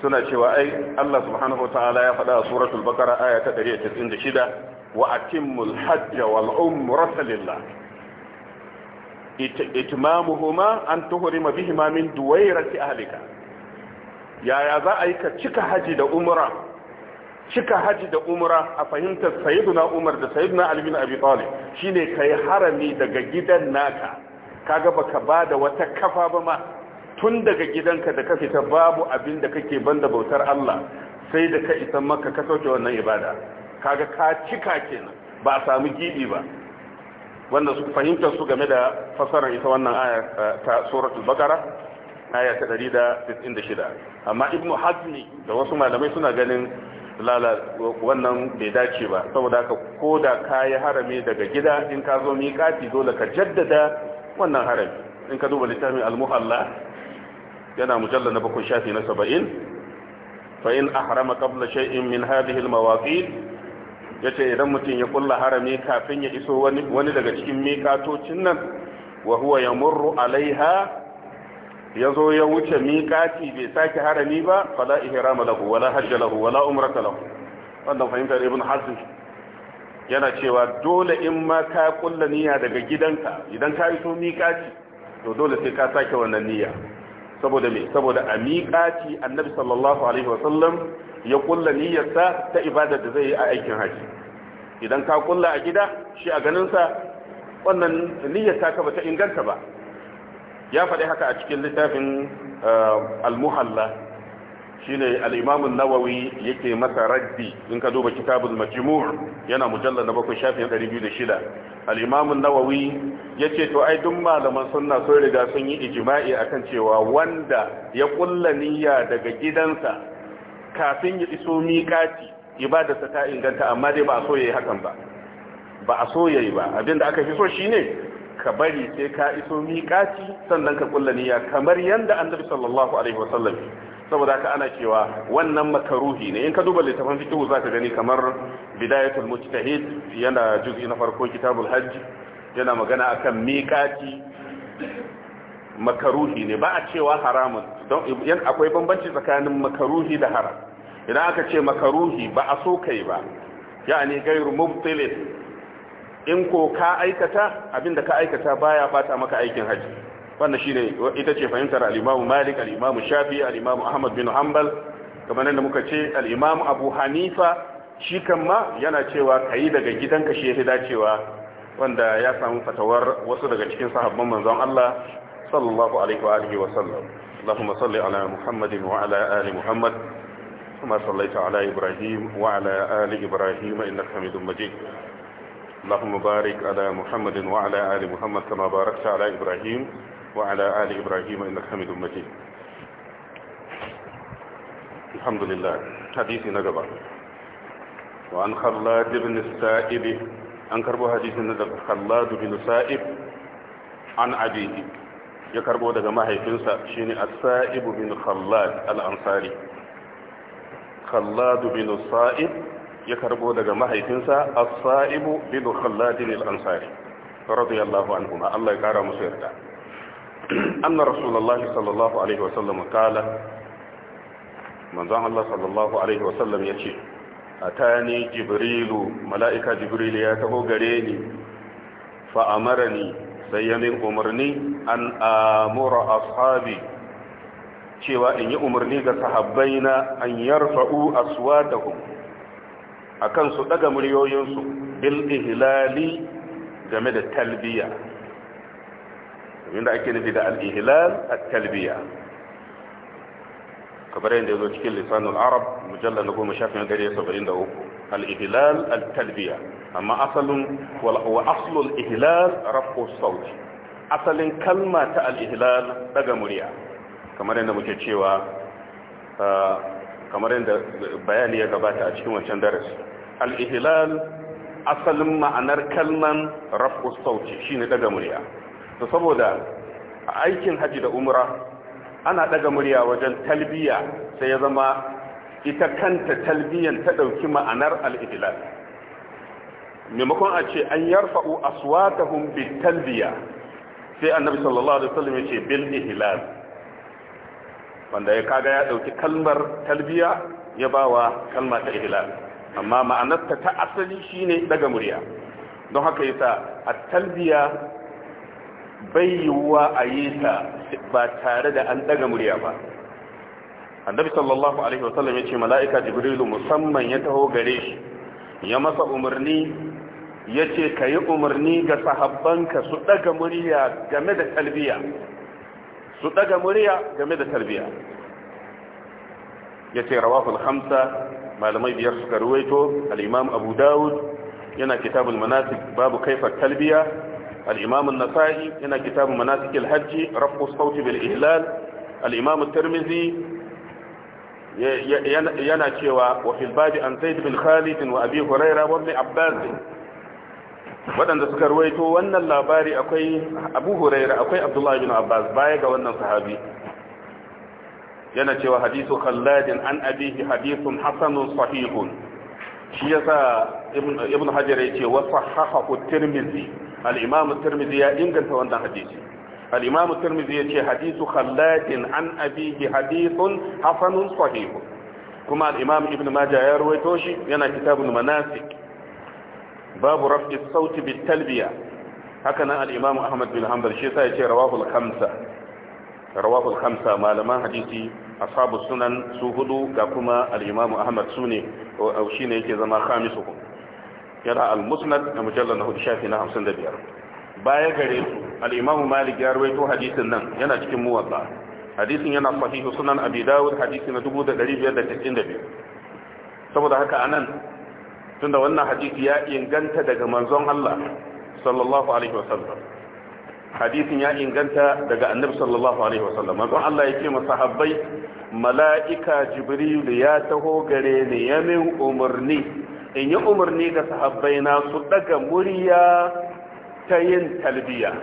suna cewa ai Allah subhanahu wataala ya faɗa a suratul baqara aya ta 196 wa atimmul hajj wal umrata lillah itmamuhuma an tuhrima bihima min duwairati ahlika yaya za a yi ka cika haji da umra cika haji da umra a fahimtar sayyiduna umar da sayyiduna ali bin abi talib shine kai harami daga gidan naka kaga baka bada wata kafa ba ma tun daga gidanka da ka fita babu abin da kake banda bautar Allah sai da ka isa maka ka sauke wannan ibada kaga ka cika kenan ba a samu gidi ba wanda su fahimta su game da fasarar ita wannan aya eh, ta suratul baqara aya ta 196 amma ibnu hazmi da wasu malamai suna ganin wannan bai dace ba saboda haka ko da ka yi harami daga gida in ka zo miƙati dole ka jaddada wannan harami in ka duba littafin almuhalla yana mujalla na bakwai shafi na saba'in fa in ahrama qabla shay'in min hadhihi almawaqit yace idan mutum ya kulla harami kafin ya iso wani wani daga cikin miƙatocin nan wa huwa yamurru alaiha ya zo ya wuce miƙati bai sake harami ba fala ihrama lahu wala hajja lahu wala umrata lahu wannan fahimtar ibn hazm yana cewa dole in ma ka kulla niyya daga gidanka idan ka iso miƙati to dole sai ka sake wannan niyya saboda me saboda a miƙati annabi sallallahu alaihi wa sallam ya kulla niyyarsa ta ibada da zai yi a aikin haji idan ka kulla a gida shi a ganin sa wannan niyyar ta ka bata inganta ba ya faɗi haka a cikin littafin eh, almuhalla muhalla shine al nawawi yake masa raddi in ka duba kitabun majimur yana mujalla na bakwai shafin 206 al-imam an-nawawi ce to ai duk malaman suna sun riga sun yi a kan cewa wanda ya ƙulla niyya daga gidansa kafin ya iso miƙati ibadarsa ta inganta amma dai ba a so ya yi hakan ba ba a so ya yi ba abinda aka fi so shi ne. ka bari sai ka iso miƙaci sannan ka kulla niyya kamar yanda annabi sallallahu alaihi wasallam saboda aka ana cewa wannan makaruhi ne in ka duba littafin fiqh zaka gani kamar bidayatul mujtahid yana juz'i na farko kitabul hajj yana magana akan miƙaci makaruhi ne ba a cewa haramun don akwai bambanci tsakanin makaruhi da haram idan aka ce makaruhi ba a so kai ba yani gairu mubtilin in ko ka aikata abinda ka aikata baya bata maka aikin haji wannan shine ita ce fahimtar al-Imam Malik al-Imam Shafi al-Imam Ahmad bin Hanbal kamar da muka ce al-Imam Abu Hanifa shi kan ma yana cewa kayi daga gidanka shi yafi dacewa wanda ya samu fatawar wasu daga cikin sahabban manzon Allah sallallahu alaihi wa alihi wa sallam اللهم صل على محمد وعلى آل محمد كما صليت على إبراهيم وعلى آل إبراهيم إنك حميد مجيد اللهم بارك على محمد وعلى آل محمد كما باركت على إبراهيم وعلى آل إبراهيم إنك حميد مجيد الحمد لله حديث نقبة وعن خلاد بن السائب أن كربو حديث نقبة خلاد بن السائب عن أبيه يكربو دقا ما هيفنسا شيني السائب بن خلاد الأنصاري خلاد بن السائب ya karbo daga mahaifinsa as-sa'ibu bin khallad al-ansari radiyallahu anhu ma Allah ya kara musu yarda anna rasulullah sallallahu alaihi wa wasallam kala manzon Allah sallallahu alaihi wa wasallam yace atani jibrilu mala'ika jibril ya taho gare ni fa amarani sai ya min umarni an amura ashabi cewa in yi umarni ga sahabbaina an yarfa'u aswatahum akan su daga muryoyinsu bil ihlali game da talbiya abinda ake nufi da al ihlal at talbiya kamar yadda yazo cikin lisanul arab mujallal 1073 al ihlal at talbiya amma asalun wa ihilal ihlal rafu sawt asalin kalma ta al ihlal daga murya kamar yadda muke cewa ah, kamar yadda bayani ya gabata a cikin wancan darasi al-ihlal asalin ma'anar kalman raf'u sauti shine daga murya to saboda aikin haji da umura, ana daga murya wajen talbiya sai ya zama ita kanta talbiyan ta ɗauki ma'anar al-ihlal maimakon a ce an yarfa'u aswatahum talbiya, sai annabi sallallahu alaihi wasallam ya ce bil ihlal wanda ya kaga ya ɗauki kalmar talbiya ya bawa kalma ta ihlal amma ma'anarta ta asali shine daga murya don haka yasa at-talbiya bai yiwuwa a yi ta ba tare da an daga murya ba annabi sallallahu alaihi wasallam yace mala'ika jibrilu musamman ya taho gare shi ya masa umarni yace kayi umarni ga sahabbanka su daga murya game da talbiya su daga murya game da talbiya yace rawahu al-khamsa malamai biyar suka ruwaito al abu dawud yana kitabul manasik babu kaifar talbiya al nasai yana kitabul manasik al rafu sauti bil ihlal al Tirmizi yana cewa wa an zaid bin khalid wa abi hurairah wa abbas waɗanda suka ruwaito wannan labari akwai abu huraira akwai abdullahi bin abbas baya ga wannan sahabi yana cewa hadisu khalladin an abihi hadithun hasanun sahihun shi yasa ibn hajar ya ce wa sahahahu Tirmizi. al Tirmizi ya inganta wannan hadisi al Tirmizi ya ce hadisu khalladin an abihi hadithun hasanun sahihun kuma al ibn majah ya rawaito shi yana kitabul manasik babu raf'i sauti Bitalbiya. haka nan al ahmad bin hanbal shi yasa ya ce rawahu al rawahu al-khamsa malaman hadisi ashabu sunan su hudu ga kuma al-imam ahmad sune au shine yake zama khamisuhum yana al-musnad da mujallal na hudu shafi na 55 baya gare su al malik ya rawaito hadisin nan yana cikin muwatta hadisin yana sahihu sunan abi hadisi na 1592 saboda haka anan tunda wannan hadisi ya inganta daga manzon Allah sallallahu alaihi hadisin ya inganta daga annabi sallallahu alaihi wasallam manzo Allah ya ce ma masahabbai mala'ika jibril ya taho gare ni ya min umarni in yi umarni ga sahabbai na su daga murya ta yin talbiya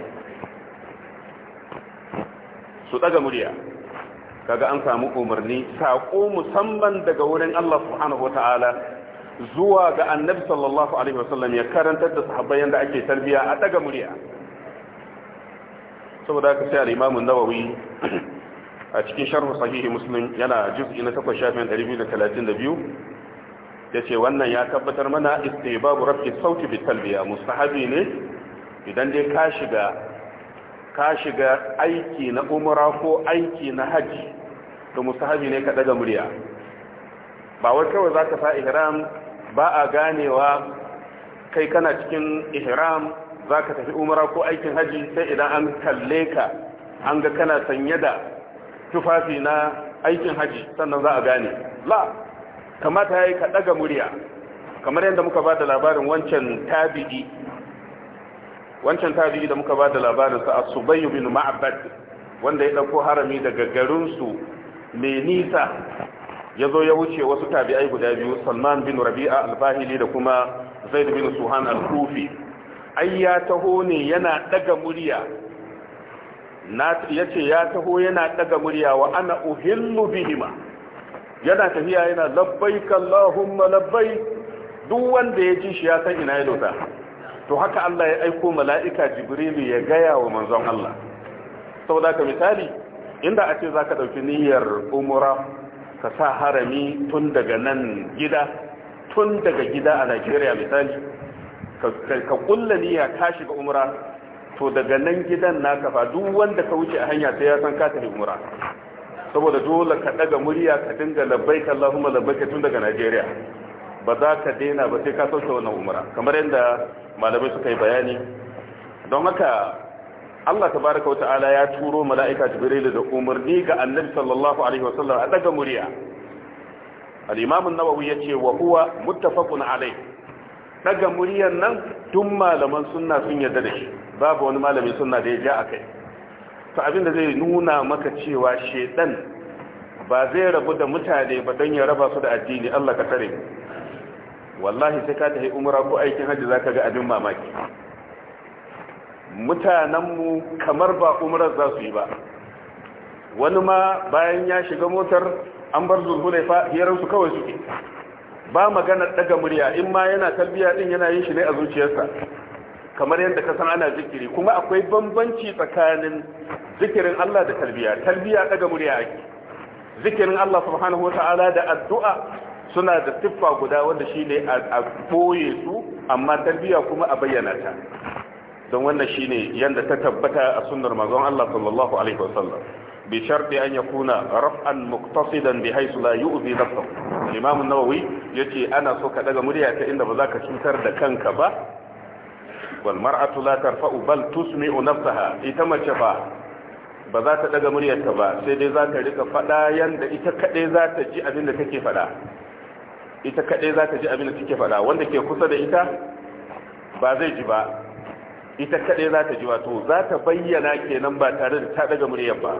su daga murya kaga an samu umarni sako musamman daga wurin Allah subhanahu wataala zuwa ga annabi sallallahu alaihi wasallam ya karanta da sahabbai yanda ake talbiya a daga murya saboda ka sai al-Imam nawawi a cikin sharh sahihi Muslim yana juz'i na 8 shafin 232 ce wannan ya tabbatar mana babu rafi sauti bi talbiya mustahabi ne idan dai ka shiga ka shiga aiki na umra ko aiki na haji to mustahabi ne ka daga murya ba wai kawai zaka sa ihram ba a ganewa kai kana cikin ihram za ka tafi umara ko aikin haji sai idan an kalle ka an ga kana sanye da tufafi na aikin haji sannan za a gane la kamata ya yi ka ɗaga murya kamar yadda muka ba da labarin wancan tabi'i wancan tabi'i da muka ba da labarin sa a subayu bin ma'abad wanda ya ɗauko harami daga garinsu mai nisa ya zo ya wuce wasu tabi'ai guda biyu salman bin rabi'a al-bahili da kuma zaid bin suhan al-kufi ai ya taho ne yana daga murya ya ce ya taho yana daga murya wa ana uhillu bihima yana tafiya yana labbai kallahumma labbai duk wanda ya ji shi ya san ina ya lota to haka Allah ya aiko mala'ika jibrilu ya gaya wa manzon Allah saboda ka misali inda a ce za ka ɗauki niyyar umura ka sa harami tun daga nan gida tun daga gida a Najeriya misali ka kulla niyya ka shiga umra to daga nan gidan naka fa duk wanda ka wuce a hanya sai ya san ka tafi umra saboda dole ka daga murya ka dinga labbaik Allahumma labbaik tun daga Najeriya ba za ka daina ba sai ka sauke wannan umra kamar yadda malamai suka yi bayani don haka Allah tabaraka wa ta'ala ya turo mala'ika Jibril da umarni ga Annabi sallallahu alaihi wasallam a daga murya al-Imam an-Nawawi yace wa huwa muttafaqun alaihi daga muryar nan tun malaman sunna sun yarda da shi babu wani malamin sunna da ya ja a kai to abin da zai nuna maka cewa shedan ba zai rabu da mutane ba don ya raba su da addini Allah ka tare wallahi sai ka ta yi umra ko aikin hajji zaka ga abin mamaki mutanenmu kamar ba umrar za su yi ba wani ma bayan ya shiga motar an bar zulhulaifa hirarsu kawai suke ba magana daga murya in ma yana talbiya din yana yin shi ne a zuciyarsa kamar yadda ka san ana zikiri kuma akwai bambanci tsakanin zikirin Allah da talbiya talbiya daga murya ake zikirin Allah subhanahu wata'ala da addu'a suna da siffa guda wanda ne a boye su amma talbiya kuma a bayyana ta don wannan shine yadda ta tabbata a sunnar manzon Allah sallallahu alaihi wasallam bi sharti an yakuna raf'an muqtasidan bi haythu la yu'zi nafsahu al-imam an-nawawi yace ana so ka daga murya inda ba ka cutar da kanka ba wal mar'atu la tarfa'u bal tusmi'u nafsaha ita mace ba ba za ta daga muryarta ba sai dai za ta rika fada yanda ita kadai za ta ji abin da take ita kadai za ta ji abin da take wanda ke kusa da ita ba zai ji ba ita za ta ji wato za ta bayyana kenan ba tare da ta daga muryar ba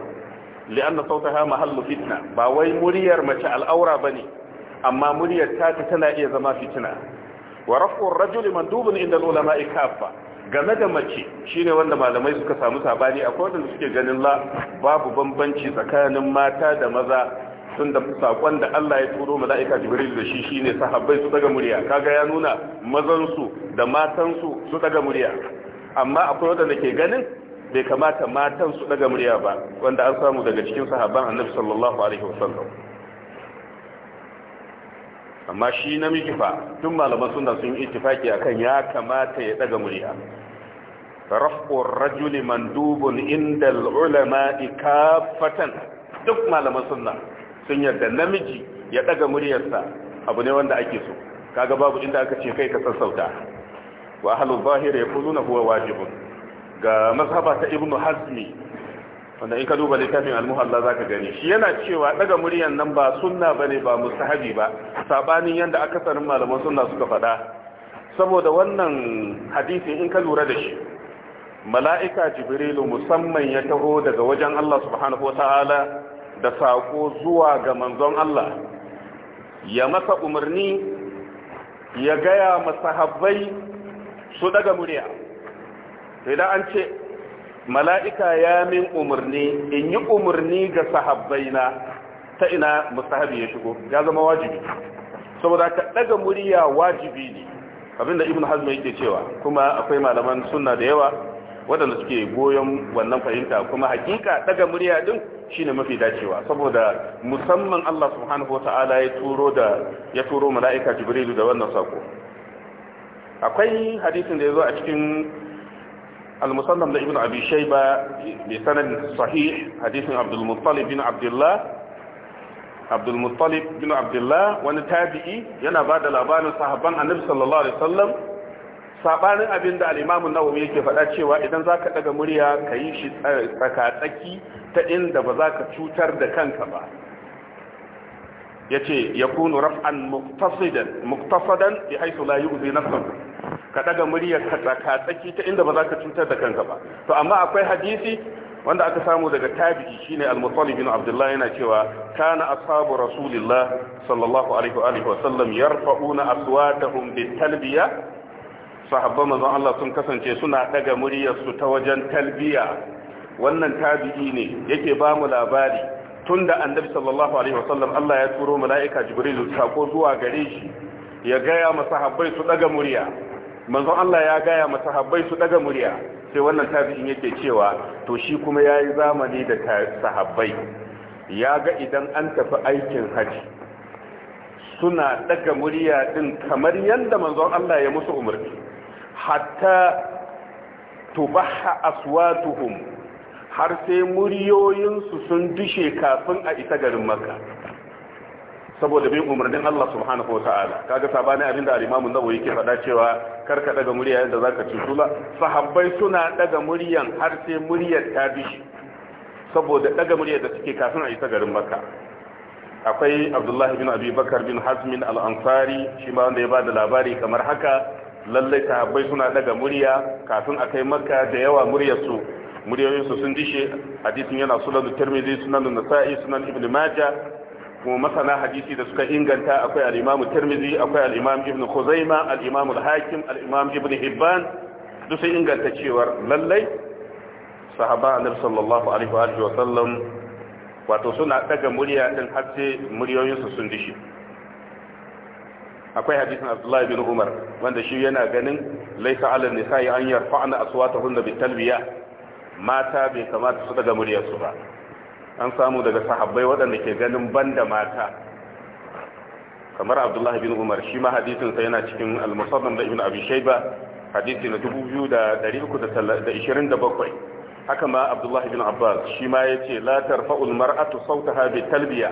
li'anna sautaha mahallu fitna ba wai muryar mace al'aura bane amma muryar ta tana iya zama fitina wa raf'u ar mandubun inda ulama'i game da mace shine wanda malamai suka samu sabani akwai wanda suke ganin la babu bambanci tsakanin mata da maza tun da sakon da Allah ya turo mala'ika Jibril da shi shine sahabbai su daga murya kaga ya nuna mazan su da matan su su daga murya amma akwai wanda ke ganin bai kamata matan su daga murya ba wanda an samu daga cikin sahabban annabi sallallahu alaihi wasallam amma shi namiji fa tun malaman sunna sun yi ittifaki akan ya kamata ya daga murya raf'ur rajuli mandubun inda ulama ikafatan duk malaman sunna sun yarda namiji ya daga muryarsa abu ne wanda ake so kaga babu inda aka ce kai ka sassauta wa ahlul zahir yaquluna huwa wajibun ga mazhaba ta ibnu hazmi wanda in ka duba littafin almuhalla za ka gani shi yana cewa daga muryan nan ba sunna ba ne ba mustahabi ba sabanin yadda akasarin malaman sunna suka faɗa saboda wannan hadisi in ka lura da shi mala'ika jibrilu musamman ya taho daga wajen Allah subhanahu wa ta'ala da saƙo zuwa ga manzon Allah ya masa umarni ya gaya masahabbai su daga murya to idan an ce mala'ika ya min umarni in yi umarni ga sahabbai na ta ina musahabi ya shigo ya zama wajibi saboda ka daga murya wajibi ne abinda ibn hazm yake cewa kuma akwai malaman sunna da yawa waɗanda suke goyon wannan fahimta kuma hakika daga murya din shine mafi dacewa saboda musamman Allah subhanahu wataala ya turo da ya turo mala'ika jibrilu da wannan sako akwai hadisin da ya zo a cikin المصنف لابن أبي شيبة بسند صحيح حديث عبد المطلب بن عبد الله عبد المطلب بن عبد الله wani tabi'i yana ba da labarin sahabban annabi sallallahu alaihi wasallam sabanin abin da al-Imam an-Nawawi yake faɗa cewa idan zaka ɗaga murya kayi shi tsakatsaki ta inda ba za ka cutar da kanka ba yace yakunu raf'an muqtasidan muqtasadan bi haythu ka daga muryar ka tsaka tsaki ta inda ba za ka cutar da kanka ba to amma akwai hadisi wanda aka samu daga tabi'i shine al-mutalib bin abdullah yana cewa kana ashabu rasulillah sallallahu alaihi wa alihi wa sallam yarfa'una aswatahum bitalbiya sahabban manzon Allah sun kasance suna daga muryar su ta wajen talbiya wannan tabi'i ne yake ba mu labari tunda annabi sallallahu alaihi wa sallam Allah ya turo mala'ika jibril sako zuwa gare shi ya gaya masahabbai su daga murya manzon Allah ya gaya masa sahabbai su daga murya sai wannan tabi'in yake cewa to shi kuma yayi zamani da sahabbai ya ga idan an tafi aikin haji suna daga murya din kamar yanda manzon Allah ya musu umarni hatta tubaha aswatuhum har sai muryoyinsu sun dushe kafin a isa garin makka saboda bin umarnin Allah subhanahu wataala kaga sabani abin da al-Imam an yake faɗa cewa kar ka daga murya yanda zaka ci sula sahabbai suna daga muryan har sai muryar ta bi saboda daga muryar da suke kafin a isa garin Makka akwai Abdullah bin Abi Bakar bin Hazm al-Ansari shi ma wanda ya bada labari kamar haka lalle sahabbai suna daga murya kafin a kai Makka da yawa muryar su muryoyin su sun dishe hadisin yana sunan Tirmidhi sunan Nasa'i sunan Ibn Majah kuma masana hadisi da suka inganta akwai al-Imam akwai al-Imam Ibn Khuzaima al-Imam al-Hakim al-Imam Ibn Hibban duk sun inganta cewa lallai sahaba annabi sallallahu alaihi wa sallam wato suna daga murya din har sai muryoyin su sun dishi akwai hadisin Abdullahi bin Umar wanda shi yana ganin laysa 'ala an-nisa'i an yarfa'na aswatahunna bit-talbiya mata bai kamata su daga muryarsu ba an samu daga sahabbai waɗanda ke ganin banda mata kamar abdullahi bin umar shi ma hadisinsa yana cikin al-musaddam da ibn abi shayba hadisi na 2327 haka ma abdullahi bin abbas shi ma yace la tarfa'ul mar'atu sautaha bi talbiya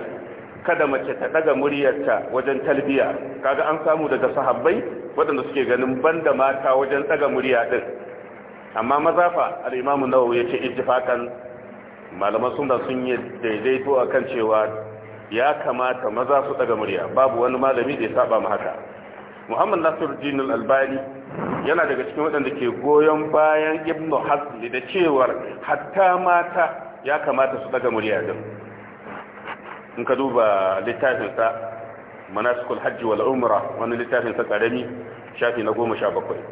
kada mace ta daga muryarta wajen talbiya kaga an samu daga sahabbai waɗanda suke ganin banda mata wajen daga murya din amma mazafa al-imamu nawawi yace ittifaqan malaman suna sun yi daidaito a kan cewa ya kamata maza su daga murya babu wani malami da ya saba mu haka muhammad nasir jinul albani yana daga cikin waɗanda ke goyon bayan ibnu hasli da cewar hatta mata ya kamata su daga murya din in ka duba littafinsa manasikul hajji wal umra wani littafinsa karami shafi na goma sha bakwai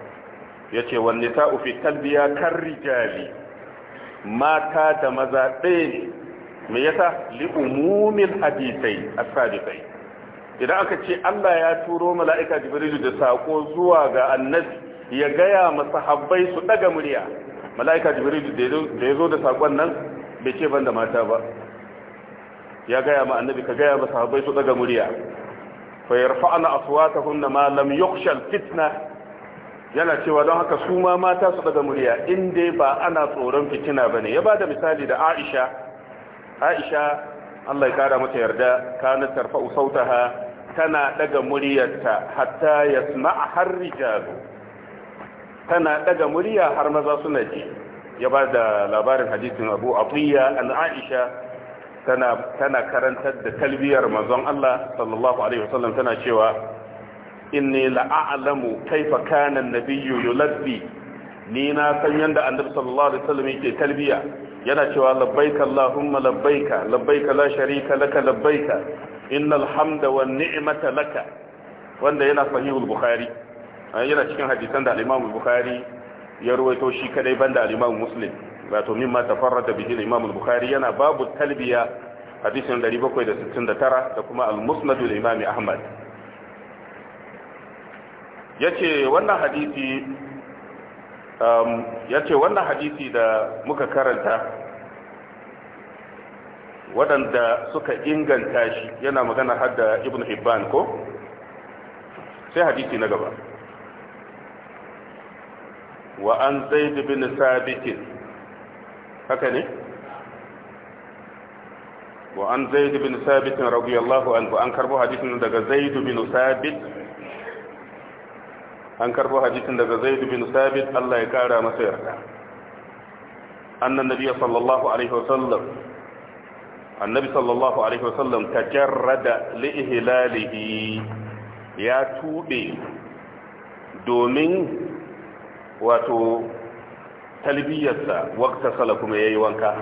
ya ce wani talbiya kan rijali mata da maza ɗaya ne me yasa li'umumin hadisai a sadisai idan aka ce Allah ya turo mala'ika jibrilu da saƙo zuwa ga annabi ya gaya masahabbai su daga murya mala'ika jibrilu da ya zo da saƙon nan bai ce ban da mata ba ya gaya ma annabi ka gaya masahabbai su daga murya fa yarfa'na aswatahunna ma lam yukhsha fitna yana cewa don haka su ma mata su daga murya in dai ba ana tsoron fitina ba ne ya ba da misali da aisha aisha allah ya kara mata yarda kana tarfa sautaha tana daga muryarta hatta ya har rijalu tana daga murya har maza suna ji ya ba da labarin hadisin abu atiyya an aisha tana karantar da talbiyar manzon allah sallallahu alaihi wasallam tana cewa inni la'alamu kaifa kana nabiyyu yulabbi ni na san yanda annabi sallallahu alaihi wasallam yake talbiya yana cewa labbaika allahumma labbaika labbaika la sharika laka labbaika innal hamda wan ni'mata laka wanda yana sahihul bukhari ah, yana cikin hadisan da al-imam bukhari ya ruwaito shi kadai banda al-imam muslim wato mimma tafarrada bihi al-imam al-bukhari yana babu talbiya hadisin 769 da kuma al-musnad al-imam ahmad yace wannan hadisi um, yace wannan hadisi da muka karanta waɗanda suka inganta shi yana magana har da ibn hibban ko sai hadisi na gaba wa an zaid bin sabit haka ne wa an zaid bin sabit radiyallahu anhu an karbo hadisin daga zaid bin sabit an karbo hadisin daga Zaidu bin sabit Allah ya kara masa yarda annan nabiy sallallahu alaihi wasallam annabi sallallahu alaihi wasallam tajarrada li ihlalihi ya tube domin wato talbiyarsa waqta sala kuma yayi wanka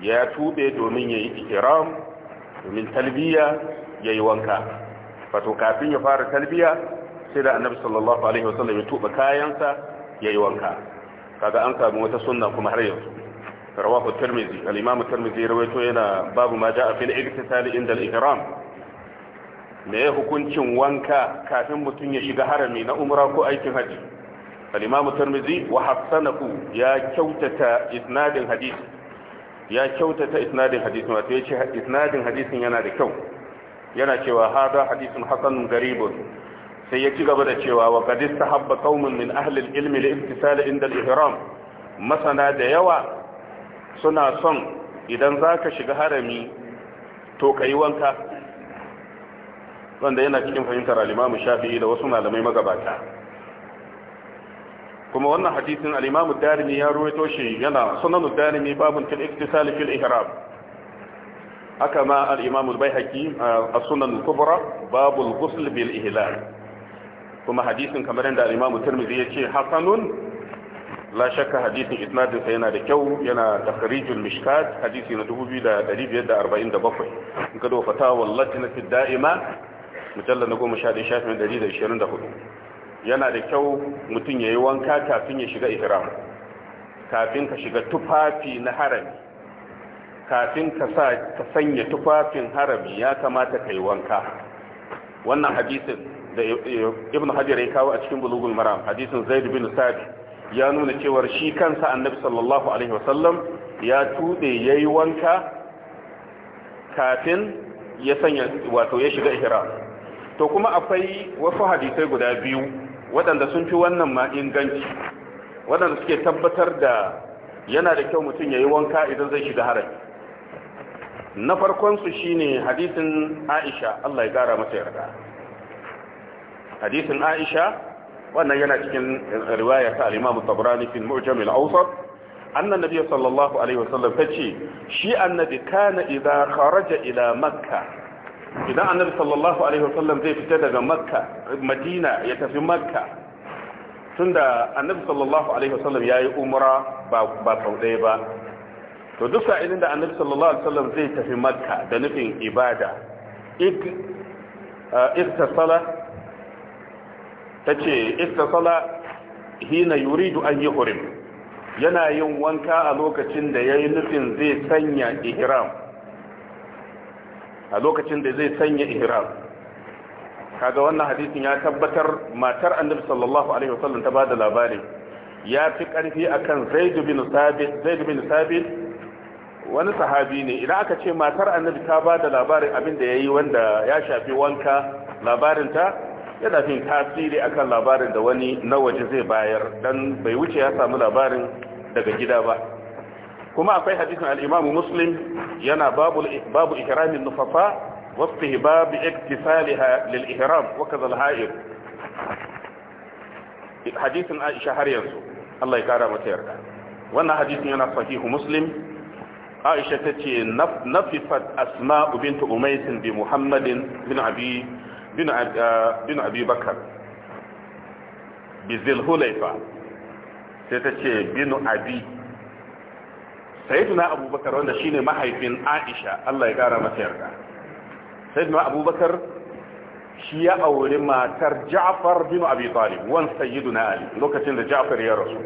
ya tube domin yayi ihram domin talbiya yayi wanka wato kafin ya fara talbiya sai da annabi sallallahu alaihi wasallam ya tuba kayansa ya yi wanka kaga an samu wata sunna kuma har yanzu rawahu tirmidhi al-imam tirmidhi rawaito yana babu ma ja'a fil iktisali inda al-ihram me hukuncin wanka kafin mutum ya shiga harami na umra ko aikin haji al-imam tirmidhi wa hasanahu ya kyautata isnadin hadisi ya kyautata isnadin hadisin wato yace isnadin hadisin yana da kyau yana cewa hada hadisin hasanun garibun sai ya ci gaba da cewa wa ta istahabba qaumun min ahli ilmi da li inda al-ihram masana da yawa suna son idan zaka shiga harami to yi wanka wanda yana cikin fahimtar al Shafi'i da wasu malamai magabata kuma wannan hadisin al-Imam Darimi ya ruwaito shi yana sunan Darimi babun fil iktisal fil ihram haka ma al-Imam al a sunan kubra babul Gusl bil ihlal kuma hadisin kamar yadda al-Imam ya ce hasanun la shakka hadisin isnadin yana da kyau yana da kharijul mishkat hadisi na 2547 in ka do fatawa na fi da'ima mujallar na goma 11 shafin 124 yana da kyau mutum ya yi wanka kafin ya shiga ihram kafin ka shiga tufafi na harami kafin ka sanya tufafin harami ya kamata ka yi wanka wannan hadisin da ibn hajar ya kawo a cikin bulugul maram hadisin zaid bin sa'd ya nuna cewa shi kansa annabi sallallahu alaihi wasallam ya tude yayi wanka kafin ya sanya wato ya shiga ihram to kuma akwai wasu hadisai guda biyu waɗanda sun fi wannan ma inganci waɗanda suke tabbatar da yana da kyau mutum ya yi wanka idan zai shiga harami na farkonsu shine hadisin aisha allah ya gara mata yarda hadisin aisha wannan yana cikin riwaya ta al-imam tabrani mujam al-awsat nabiy sallallahu alaihi wasallam tace shi annabi kana idza kharaja ila idan annabi sallallahu alaihi wasallam zai fita daga makka madina ya tafi makka tunda annabi sallallahu alaihi wasallam yayi umra ba ba ɗaya ba to duk da annabi sallallahu alaihi wasallam zai tafi makka da nufin ibada ik tace istasala hina yuridu an yuhrim yana yin wanka a lokacin da yi nufin zai sanya ihram a lokacin da zai sanya ihram kaga wannan hadisin ya tabbatar matar annabi sallallahu alaihi wasallam ta bada labari ya fi karfi akan zaid bin sabit zaid bin sabit wani sahabi ne idan aka ce matar annabi ta bada labarin abin da yayi wanda ya shafi wanka labarin ta yana fin tasiri akan labarin da wani na waje zai bayar dan bai wuce ya samu labarin daga gida ba kuma akwai hadisin al-Imam Muslim yana babu babu nufafa wa istihbab iktisaliha lil ihram wa kadha al hadisin Aisha har yanzu Allah ya kara mata yarda wannan hadisin yana sahihu Muslim Aisha tace nafifat asma'u bint umays bi Muhammadin bin Abi Uh, bin abi bakar bizil hulaifa sai ta ce bin abi sayyiduna abubakar wanda shi ne mahaifin aisha Allah ya gara masa yarda sayyiduna abubakar shi ya auri matar ja'far bin abi talib wan sayyiduna ali lokacin da ja'far ya rasu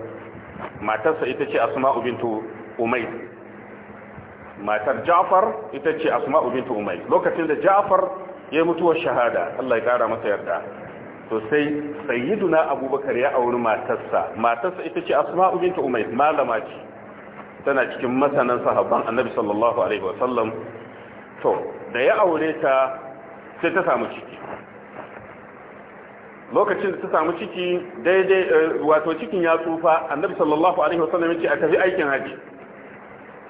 matarsa ita ce asma'u bintu umayr matar ja'far ita ce asma'u bintu umai lokacin da ja'far ya mutuwar shahada Allah ya kara masa yarda to sai sayyiduna abubakar ya auri matarsa matarsa ita ce asma'u Binta umayr malama ce tana cikin masanan sahabban annabi sallallahu alaihi wa sallam to da ya aure ta sai ta samu ciki lokacin da ta samu ciki daidai eh, wato cikin ya tsufa annabi sallallahu alaihi wa sallam ya ce a tafi aikin haji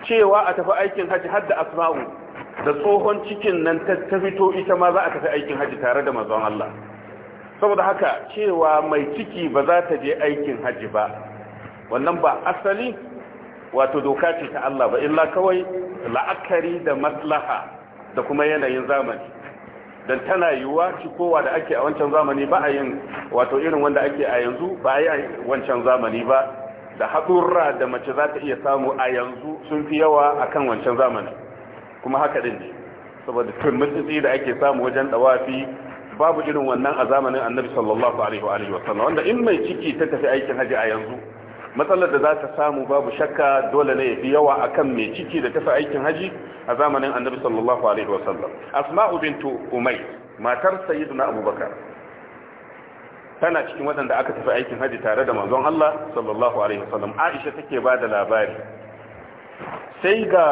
cewa a tafi aikin haji har da asma'u da tsohon cikin nan ta fito ita ma za a tafi aikin haji tare da mazan Allah saboda haka cewa mai ciki ba za ta je aikin haji ba wannan ba asali wato doka ce ta Allah ba illa kawai la'akari da maslaha da kuma yanayin zamani dan tana yiwuwa cikowa da ake a wancan zamani ba a yin wato irin wanda ake a yanzu ba a yi a wancan zamani ba da haɗurra da mace za ta iya samu a yanzu sun fi yawa a kan wancan zamani kuma haka din ne saboda turmutsitsi da ake samu wajen dawafi babu irin wannan a zamanin annabi sallallahu alaihi wa alihi wasallam wanda in mai ciki ta tafi aikin haji a yanzu matsalar da za ta samu babu shakka dole ne yafi yawa akan mai ciki da tafi aikin haji a zamanin annabi sallallahu alaihi wasallam asma'u bintu umay matar sayyidina abubakar tana cikin waɗanda aka tafi aikin haji tare da manzon Allah sallallahu alaihi wasallam Aisha take ba da labari sai ga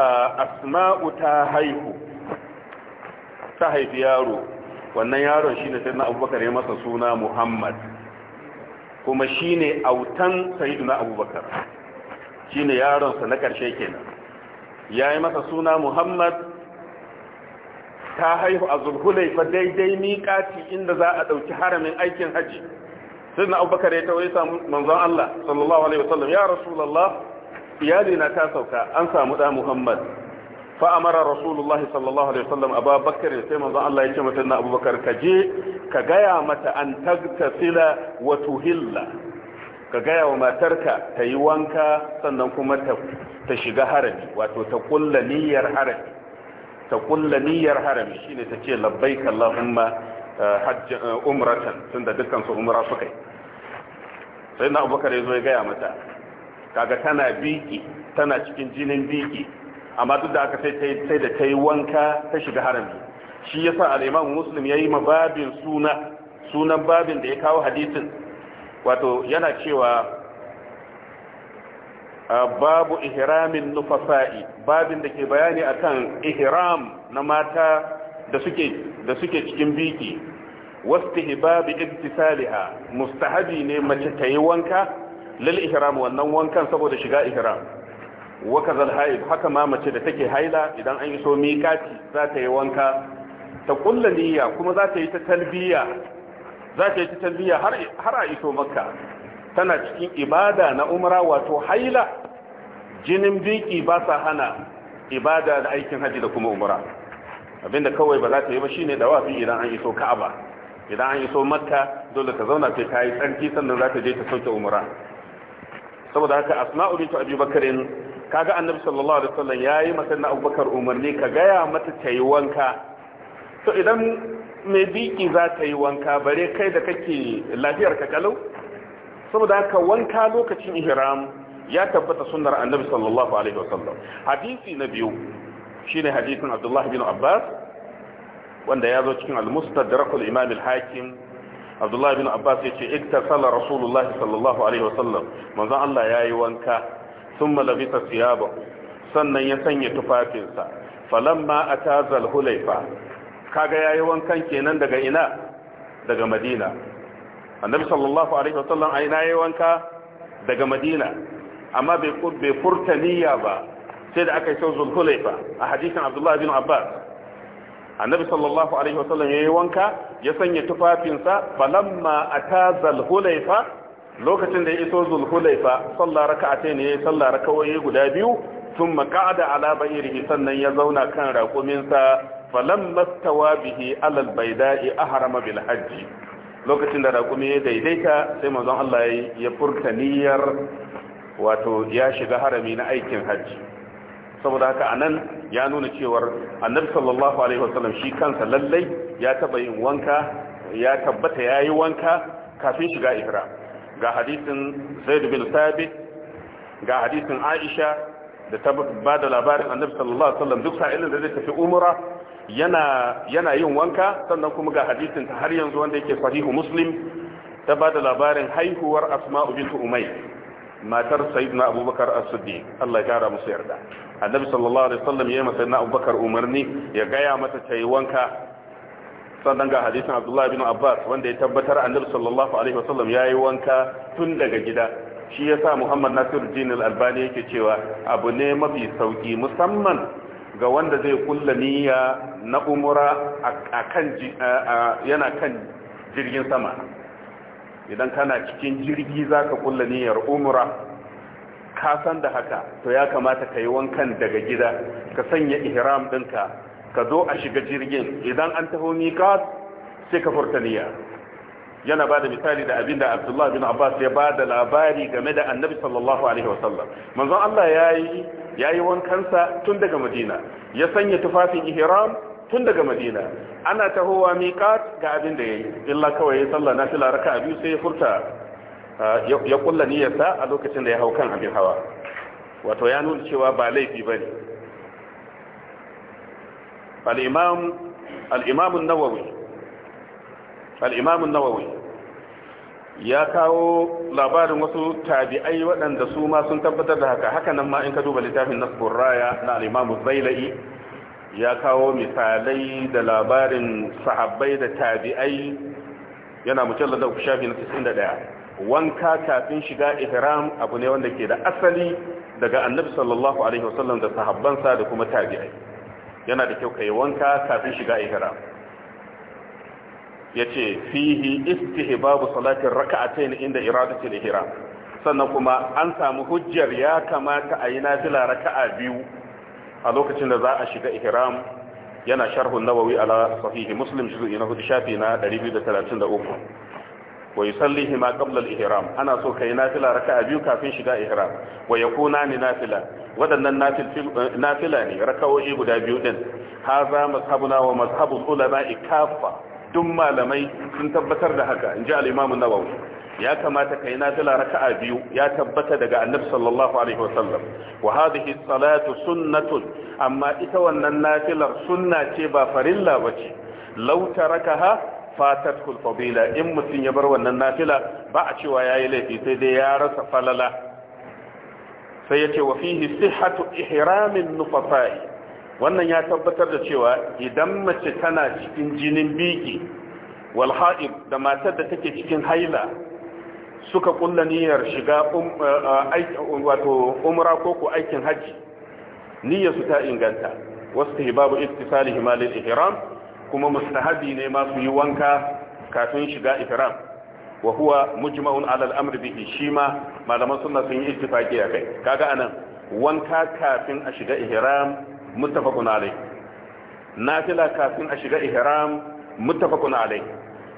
asma'u ta haihu ta haifi yaro wannan yaron shine na abubakar ya masa suna muhammad kuma shine autan na abubakar shine yaron sa na karshe kenan yayi masa suna muhammad ta haihu a zulhulaifa daidai miƙati inda za a ɗauki haramin aikin haji na abubakar ya tawaye samu manzon Allah sallallahu alaihi wasallam ya rasulullah iyali na ta sauka an samu da muhammad fa amara rasulullahi sallallahu alaihi wasallam aba bakar sai manzon Allah ya ce mata na abubakar ka je ka gaya mata an tagtasila wa tuhilla ka gaya wa matarka ta yi wanka sannan kuma ta shiga harami wato ta kulla niyyar harami ta kulla niyyar harami shine ta ce labbaika allahumma eh, hajj eh, umratan tunda dukkan su umra suka yi sai na abubakar ya zo ya gaya mata kaga tana biki tana cikin jinin biki amma duk da aka sai sai da ta wanka ta shiga harami shi yasa al-imam muslim yayi mababin suna sunan babin da ya kawo hadisin wato yana cewa babu ihramin nufasa'i babin da ke bayani akan ihram na mata da suke da suke cikin biki wastihbab ibtisaliha mustahabi ne mace ta yi wanka lil ihram wannan wankan saboda shiga ihram wa kazal haid haka ma mace da take haila idan an yi so miƙati za ta yi wanka ta kulla niyya kuma za ta yi ta talbiya za ta yi ta talbiya har har a iso makka tana cikin ibada na umra wato haila jinin biki ba sa hana ibada da aikin haji da kuma umra abinda kawai ba za ta yi ba shine dawafi idan an iso ka'aba idan an iso makka dole ta zauna sai ta yi tsarki sannan za ta je ta sauke umra saboda haka asma'u bintu abi bakarin kaga annabi sallallahu alaihi wasallam yayi mata na abubakar umarni ka gaya mata ta yi wanka to idan mai biki za ta yi wanka bare kai da kake lafiyar ka kalau saboda haka wanka lokacin ihram ya tabbata sunnar annabi sallallahu alaihi wasallam hadisi na biyu shine hadisin abdullah bin abbas wanda ya zo cikin al-mustadrak al-imam al-hakim abdullahi bin abbas ya ce iktasala rasulullahi sallallahu alaihi wasallam manzan Allah ya yi wanka sun labisa thiyabahu sannan ya sanya tufafinsa falamma ata zalhulayfa kaga ya yi wankan kenan daga ina daga madina annabi sallallahu alaihi wasallam ai na yi wanka daga madina amma bai furta niyya ba sai da aka yi sau zulhulaifa a hadisin Abdullahi bin abbas annabi sallallahu alaihi wasallam yi wanka ya sanya tufafinsa falamma ataza al lokacin da ya iso zulhulayfa sallar raka'atai ne yayi sallar rakawaye guda biyu thumma qa'ada ala bayrihi sannan ya zauna kan raƙuminsa falamma stawa bihi alal al a harama bil hajji lokacin da raƙumi ya daidaita sai manzon Allah ya furta niyyar wato ya shiga harami na aikin hajji saboda haka anan ya nuna cewar annabi sallallahu alaihi wasallam shi kansa lallai ya taba yin wanka ya tabbata yayi wanka kafin shiga ihram ga hadisin Zaid bin Thabit ga hadisin Aisha da ta da labarin annabi sallallahu alaihi wasallam duk sa'ilin da zai tafi umra yana yana yin wanka sannan kuma ga hadisin ta har yanzu wanda yake sahihu Muslim ta bada labarin haihuwar Asma'u bint umai, matar Sayyidina Abubakar As-Siddiq Allah ya kara musu yarda annabi sallallahu alaihi wasallam yayi masa na abubakar umarni ya gaya mata tayi wanka sannan ga hadisin Abdullah bin abbas wanda ya tabbatar annabi sallallahu alaihi wasallam yayi wanka tun daga gida shi yasa muhammad nasiruddin al-albani yake cewa abu ne mafi sauki musamman ga wanda zai kulla niyya na umura yana kan jirgin sama idan kana cikin jirgi zaka kulla niyyar umura ka san da haka to ya kamata ka yi wankan daga gida ka sanya ihram ɗinka ka zo a shiga jirgin idan an taho miƙat sai ka furta niyya yana ba da misali da abinda abdullahi bin abbas ya ba da labari game da annabi sallallahu alaihi wasallam manzon allah ya yi ya yi wankansa tun daga madina ya sanya tufafin ihram tun daga madina ana tahowa miƙat ga abin da ya yi illa kawai ya sallah na fila raka biyu sai ya furta ya kulla niyyarsa a lokacin da ya hau kan abin hawa wato ya nuna cewa ba laifi bane ne. imam nawawi ya kawo labarin wasu tabi'ai waɗanda su ma sun tabbatar da haka hakanan nan ma in ka duba littafin nasbur raya na al-imam zailai ya kawo misalai da labarin sahabbai da tabi'ai yana mujallar da shafi na 91 wanka kafin shiga ihram abu ne wanda ke da asali daga annabi sallallahu alaihi wasallam da sahabbansa da kuma tabi'ai yana da kyau kai wanka kafin shiga ihram yace fihi istihbabu salatin raka'atayn inda iradatul ihram sannan kuma an samu hujjar ya kamata a yi nafila raka'a biyu a lokacin da za a shiga ihram yana sharhun nawawi ala sahihi muslim juz'i na hudu shafi na 233 wa yusallihi ma qabla al-ihram ana so kai nafila raka'a biyu kafin shiga ihram wa yakuna ni nafila wadannan nafila ne raka'o'i guda biyu din haza mazhabuna wa mazhabul ulama'i kaffa duk malamai sun tabbatar da haka inji al-imam an-nawawi ya kamata kai nafila raka'a biyu ya tabbata daga annabi sallallahu alaihi wasallam wa hadhihi salatu sunnatun amma ita wannan nafilar sunna ce ba farilla bace law tarakaha fatat fadila in mutum ya bar wannan nafila ba a cewa yayi laifi sai dai ya rasa falala sai yace wa fihi sihhatu ihramin nufafai wannan ya tabbatar da cewa idan mace tana cikin jinin biki wal ha'ib da matar da take cikin haila suka kulla niyyar shiga um, uh, uh, wato umra ko ko aikin hajji niyyar su ta inganta wasu babu ittisalihima lil ihram kuma mustahabi ne ma su yi wanka kafin shiga ihram wa huwa mujma'un ala al-amr bihi shima malaman sunna sun yi ittifaqi akai kaga anan wanka kafin a shiga ihram muttafaqun alai nafila kafin a shiga ihram muttafaqun alai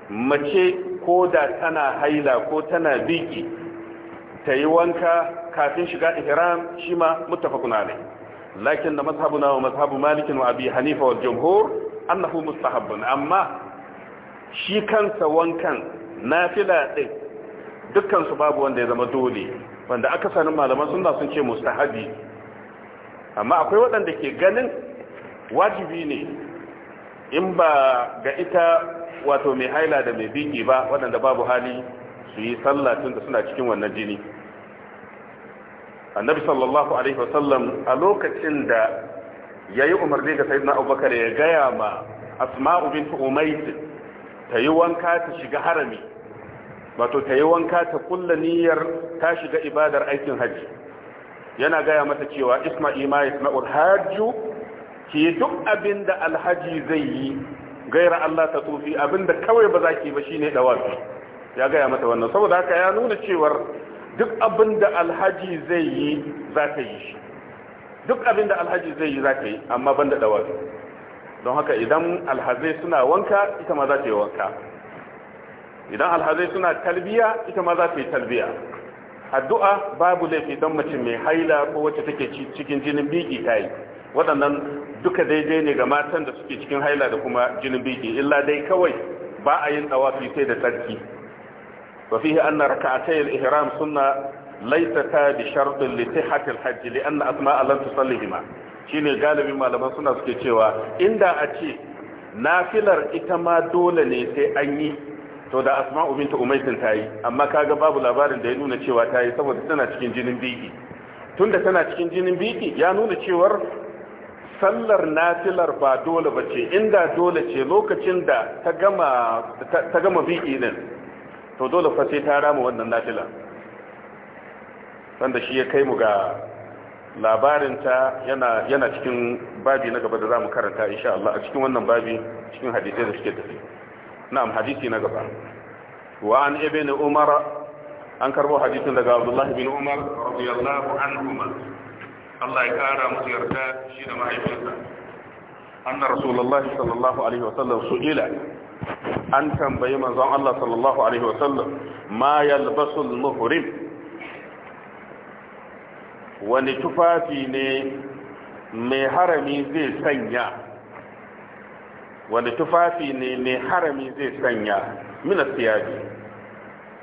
mace ko da tana haila ko tana biki ta yi wanka kafin shiga ihram shima muttafaqun alai lakin da mazhabuna wa mazhabu malikin wa abi hanifa wal jumhur annahu mustahabbun amma shi kansa wankan nafila din dukkan su babu wanda ya zama dole wanda aka sanin malaman sunna sun ce mustahabi amma akwai waɗanda ke ganin wajibi ne in ba ga ita wato mai haila da mai biki ba waɗanda babu hali su yi sallah da suna cikin wannan jini annabi sallallahu alaihi wasallam a lokacin da Ya yi umarni ga sayyidina abubakar ya gaya ma asma'u bin umayth ta yi wanka ta shiga harami wato ta yi wanka ta kulla niyyar ta shiga ibadar aikin haji yana gaya mata cewa isma'i ma yasma'ul hajju ki duk abinda alhaji zai yi gaira Allah ta tufi abinda kawai ba za ki ba shine dawafi ya gaya mata wannan saboda haka ya nuna cewar duk abinda alhaji zai yi za ta yi shi duk abin da alhaji zai yi za ka yi amma ban da wasu don haka idan alhazai suna wanka ita ma za ta yi wanka idan alhazai suna talbiya ita ma za ta yi talbiya addu'a babu laifi don mace mai haila ko wacce take cikin jinin biki ta yi waɗannan duka daidai ne ga matan da suke cikin haila da kuma jinin biki illa dai kawai ba a yin ɗawafi sai da tsarki wa fihi anna raka'atayil ihram sunna laisata bi shartin li sihhatil hajj li anna asma'a lam tusallihima shine galibin malaman suna suke cewa inda a ce nafilar ita ma dole ne sai an yi to da asma'u binta umaysin ta yi amma kaga babu labarin da ya nuna cewa ta yi saboda tana cikin jinin biki tunda tana cikin jinin biki ya nuna cewar sallar nafilar ba dole bace inda dole ce lokacin da ta gama biki din to dole fa sai ta rama wannan nafilar wanda shi ya kai mu ga labarinta yana cikin babi na gaba da za mu karanta insha Allah a cikin wannan babi cikin hadisi da suke tafi na'am hadisi na gaba wa an ibn umar an karbo hadisin daga Abdullahi bin Umar radiyallahu anhuma Allah ya kara musu yarda shi da mahaifinsa anna rasulullah sallallahu alaihi wa sallam su'ila an tambayi manzon Allah sallallahu alaihi wa sallam ma yalbasul muhrim wani tufafi ne mai harami zai sanya wani tufafi ne mai harami zai sanya mina siyaji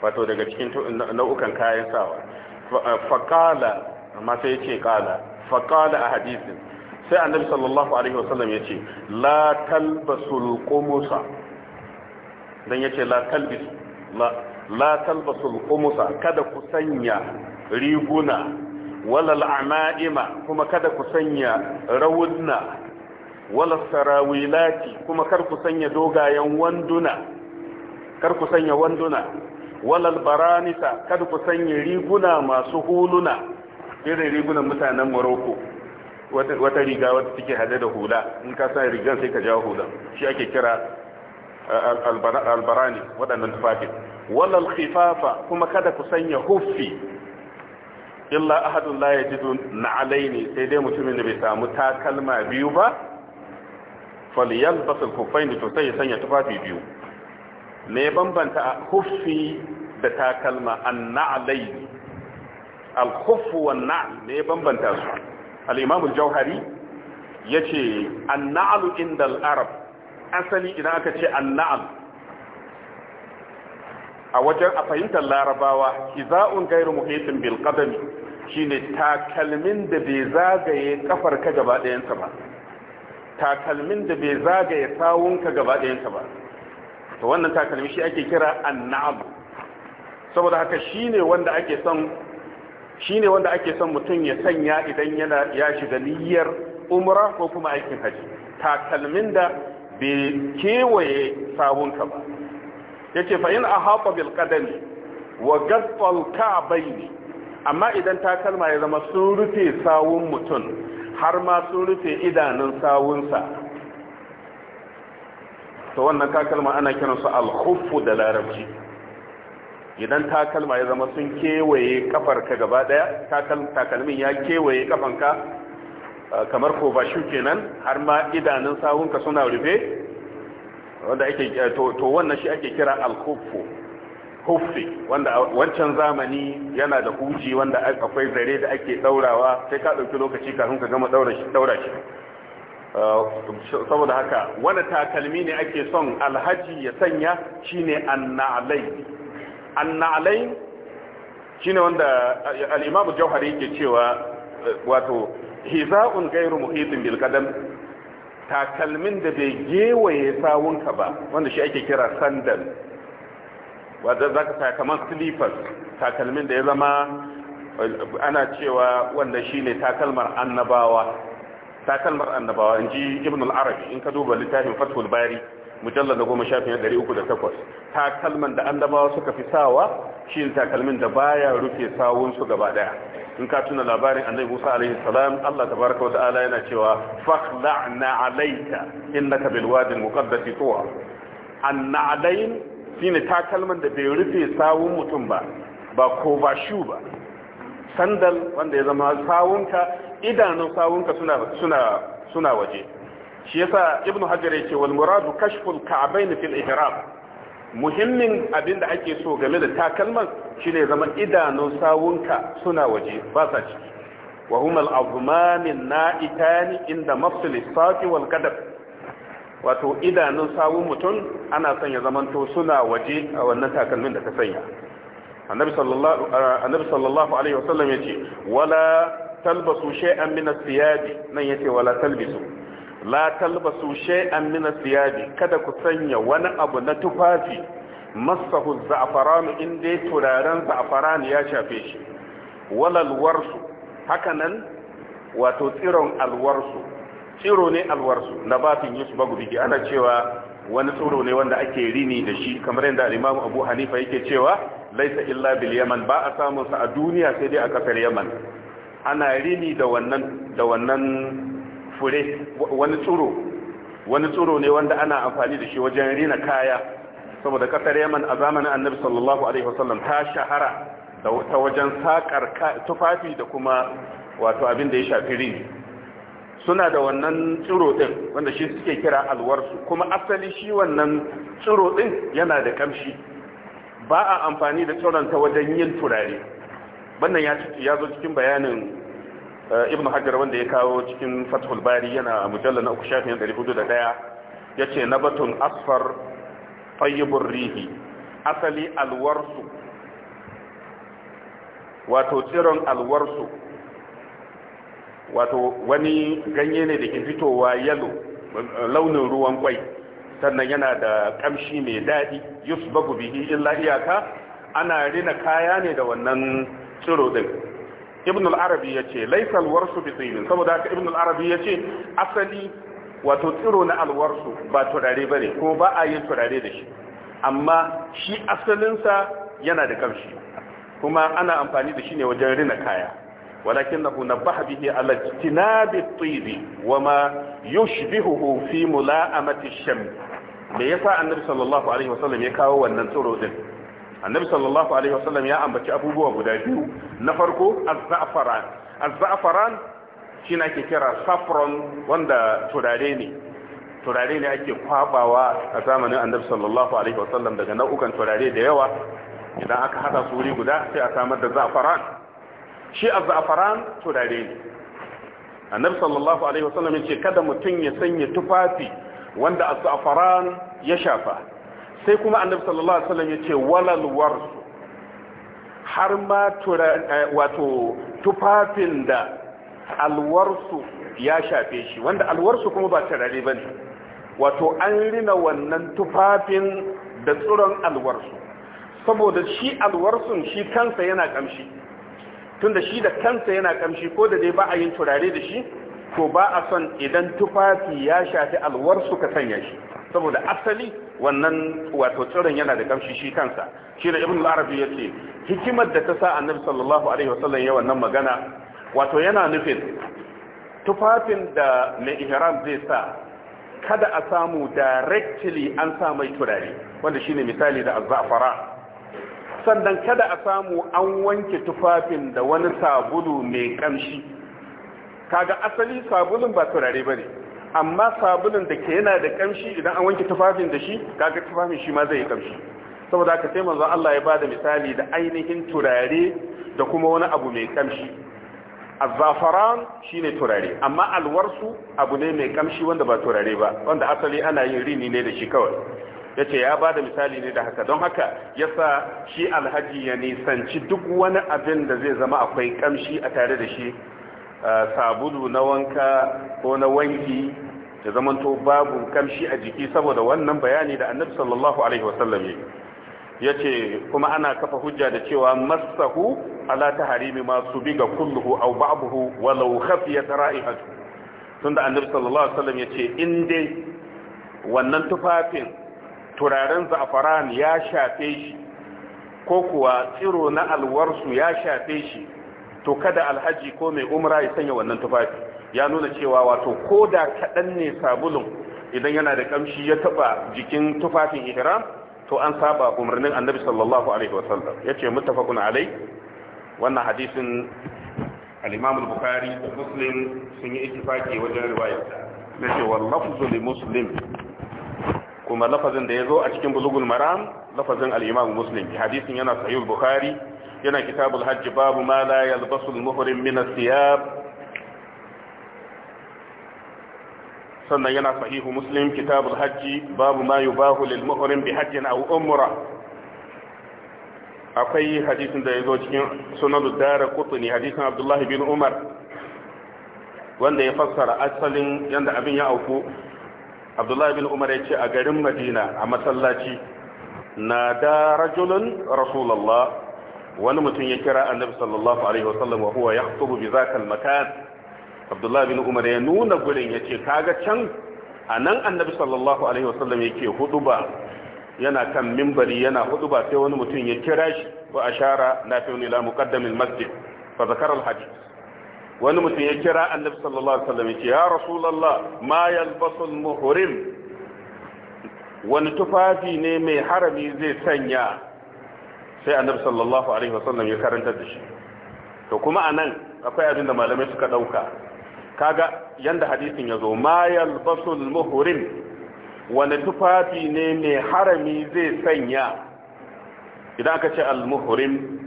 wato daga cikin nau'ukan kayan sawa faƙala eh, amma sai ya ce ƙala faƙala a hadisin sai annabi sallallahu alaihi wasallam ya ce la talbasul qumusa dan ya ce la talbisu la talbasul qumusa kada ku sanya riguna walal ama'ima kuma kada ku sanya rawunna walal sarawilati kuma kar ku sanya dogayen wanduna kar ku sanya wanduna walal baranisa kada ku sanya riguna masu huluna irin rigunan mutanen Morocco wata riga wata take hade da hula in ka sa rigan sai ka jawo hulan shi ake kira uh, albarani waɗannan tufafin walal khifafa kuma kada ku sanya huffi illa ahadun la yajidu ne sai dai mutumin da bai samu takalma biyu ba falyalbas al-khuffayn to sai ya sanya tufafi biyu Ne bambanta huffi da takalma an-na'alaini al-khuff wan bambanta su al-imam ya ce yace an-na'lu inda arab asali idan aka ce an a wajen a fahimtar larabawa hiza'un gairu muhitin bilkadami shine takalmin da bai zagaye kafar ka gaba ɗayansa ba takalmin da bai zagaye sawun ka gaba ɗayansa ba to wannan takalmi shi ake kira annabu saboda haka shine wanda ake son shine wanda ake son mutum ya sanya idan yana ya shiga niyyar umra ko kuma aikin haji takalmin da bai kewaye sawun ka ba yace fa in ahata bil qadami wa gatta amma idan takalma ya zama sun rufe sawun mutum har ma sun rufe idanun sawunsa to wannan takalma ana kiransu alhufu da larabci idan takalma ya zama sun kewaye ka gaba daya takalmin ya kewaye kafanka eh, kamar ko ba kenan har ma idanun sawunka suna rufe wanda ake eh, to wannan shi ake kira alhufu hufi wanda wancan zamani yana da huji wanda akwai zare da ake daurawa sai ka dauki lokaci kafin ka gama daura shi daura shi uh, saboda haka wani takalmi ne ake son alhaji ya sanya shine annalai annalai shine wanda uh, al-imamu jauhari yake cewa uh, wato hiza'un ghairu muhitin bil qadam takalmin da bai gewaye sawunka ba wanda shi ake kira sandal wadda za ka sa kamar slippers takalmin da ya zama ana cewa wanda shi ne takalmar annabawa takalmar annabawa in ji ibn al-arabi in ka duba littafin fatul bari mujallar da goma shafin ɗari uku da takwas takalman da annabawa suka fi sawa shi ne takalmin da baya rufe sawunsu gaba ɗaya in ka tuna labarin annabi musa alaihi salam allah baraka wa ta'ala yana cewa fakhla'na alayka innaka bil wadi al muqaddas tuwa an na'layn shine takalman da bai rufe sawun mutum ba ba ko ba shu ba sandal wanda ya zama sawunka idanun sawunka suna suna suna waje shi yasa ibnu hajar yake wal muradu kashful ka'bayn fil ihram muhimmin abin da ake so game da takalman shine zama idanun sawunka suna waje ba sa ciki wa huma al-azman naitani inda mafsil as-saq wal wato idanun sawun mutum ana son ya zamanto suna waje a wannan takalmin da ka sanya annabi sallallahu uh, alaihi wasallam yace wala talbasu shay'an min as-siyabi nan yace wala talbisu la talbasu shay'an min as-siyabi kada ku sanya wani abu na tufafi masahu za'faran in dai turaren za'faran ya shafe shi wala alwarsu hakanan wato tsiron alwarsu tsiro ne alwarsu na nabatin yusbagu biki ana cewa wani tsiro ne wanda ake rini da shi kamar yadda alimamu Abu Hanifa yake cewa laisa illa bil Yaman ba a samun sa a duniya sai dai a kasar Yaman ana rini da wannan da wannan fure wani tsiro wani tsiro ne wanda ana amfani da shi wajen rina kaya saboda kasar Yaman a zamanin Annabi sallallahu alaihi wasallam ta shahara da ta wajen sakar tufafi da kuma wato abin da ya shafi rini suna da wannan tsiro ɗin, wanda shi suke kira alwarsu kuma asali shi wannan tsiro ɗin yana da kamshi ba a amfani da tsiron ta wajen yin turare wannan ya zo cikin bayanin eh, ibn hajar wanda ya kawo cikin fathul bari yana mujalla na uku shafin ɗaya, ya ce batun asfar fayyibun rihi asali alwarsu wato tsiron alwarsu wato wani ganye ne da ke fitowa yalo launin ruwan kwai sannan yana da kamshi mai daɗi yusbagu bihi illa iyaka ana rina kaya ne da wannan tsiro din ibn al-arabi yace laysa al-warsu bi tibin saboda haka ibn al-arabi yace asali wato tsiro na alwarsu ba turare bane ko ba a yin turare da shi amma shi asalinsa yana da kamshi kuma ana amfani da shi ne wajen rina kaya ولكنه نبه به على اجتناب الطيب وما يشبهه في ملائمة الشم ليسا النبي صلى الله عليه وسلم يكاو وننصره ذلك النبي صلى الله عليه وسلم يا أمبتي أبوه وبداجه نفركو الزعفران الزعفران shine ake kira saffron wanda turare ne turare ne ake kwabawa a zamanin annabi sallallahu alaihi wasallam daga nau'ukan turare da yawa idan aka hada su wuri guda sai a samar da za'faran shi a azzafaran turare ne annabi sallallahu alaihi wasallam ya ce kada mutum ya sanya tufafi wanda a azzafaran ya shafa sai kuma annabi sallallahu alaihi wasallam ya ce walal warsu har ma eh, wato tufafin da alwarsu ya shafe shi wanda alwarsu kuma ba turare ba ne. wato an rina wannan tufafin da tsuron alwarsu saboda shi alwarsun shi kansa yana kamshi tunda shi da kansa yana kamshi ko da dai ba a yin turare da shi ko ba a son idan tufafi ya shafi alwar suka sanya shi saboda asali wannan wato tsirin yana da kamshi shi kansa shi da ibn arabi ya ce hikimar da ta sa annabi sallallahu alaihi wasallam ya wannan magana wato yana nufin tufafin da mai ihram zai sa kada a samu directly an sa mai turare wanda shine misali da azzafara sannan kada a samu an wanke tufafin da wani sabulu mai kamshi kaga asali sabulun ba turare bane amma sabulun da ke yana da kamshi idan an wanke tufafin da shi kaga tufafin shi ma zai yi kamshi saboda haka sai manzo Allah ya bada misali da ainihin turare da kuma wani abu mai kamshi azzafaran shine turare amma alwarsu abu ne mai kamshi wanda ba turare ba wanda asali ana yin rini ne da shi kawai ya ce ya ba da misali ne da haka don haka ya sa shi alhaji ya nisanci duk wani abin da zai zama akwai kamshi a tare da shi sabulu na wanka ko na wanki da zamanto babu kamshi a jiki saboda wannan bayani da annabi sallallahu alaihi wasallam ya ya ce kuma ana kafa hujja da cewa masahu ala ta harimi masu biga kulluhu au ba'buhu walau khafiyat ra'ihatu tunda annabi sallallahu alaihi wasallam ya ce in dai wannan tufafin turaren zafaran ya shafe shi ko kuwa tsiro na alwarsu ya shafe shi to kada alhaji ko mai umra ya sanya wannan tufafi ya nuna cewa wato ko da kaɗan ne sabulun idan yana da ƙamshi ya taɓa jikin tufafin ihram to an saba umarnin annabi sallallahu alaihi wasallam ya ce muttafaqun alai wannan hadisin al-imam al-bukhari da muslim sun yi ittifaki wajen riwayarsa na ce wallafzu muslim kuma lafazin da ya zo a cikin bulugul maram lafazin al-imam muslim hadisin yana sahih bukhari yana kitabul hajj babu ma la yalbasu al-muhrim min siyab sannan yana sahihu muslim kitabul hajj babu ma yubahu lil muhrim bi hajjin aw umra akwai hadisin da ya zo cikin sunanud kutuni hadisin abdullahi bin umar wanda ya fassara asalin yanda abin ya auku abdullahi bin umar ya ce a garin madina a masallaci na da rajulun rasulallah wani mutum ya kira annabi sallallahu alaihi wasallam wa huwa yahtubu bi zakal makan abdullahi bin umar ya nuna gurin ya ce kaga can a nan annabi sallallahu alaihi wasallam yake huduba yana kan mimbari yana huduba sai wani mutum ya kira shi wa ashara na fi ila muqaddamil masjid fa zakara al hadith wani mutum ya kira annabi sallallahu alaihi wasallam ya rasulullah ma yalbasul muhrim wani tufafi ne mai harami zai sanya sai annabi sallallahu alaihi wasallam ya karanta da shi to kuma anan akwai abin da malamai suka dauka kaga yanda hadisin ya zo ma yalbasul muhrim wani tufafi ne mai harami zai sanya idan aka ce al muhrim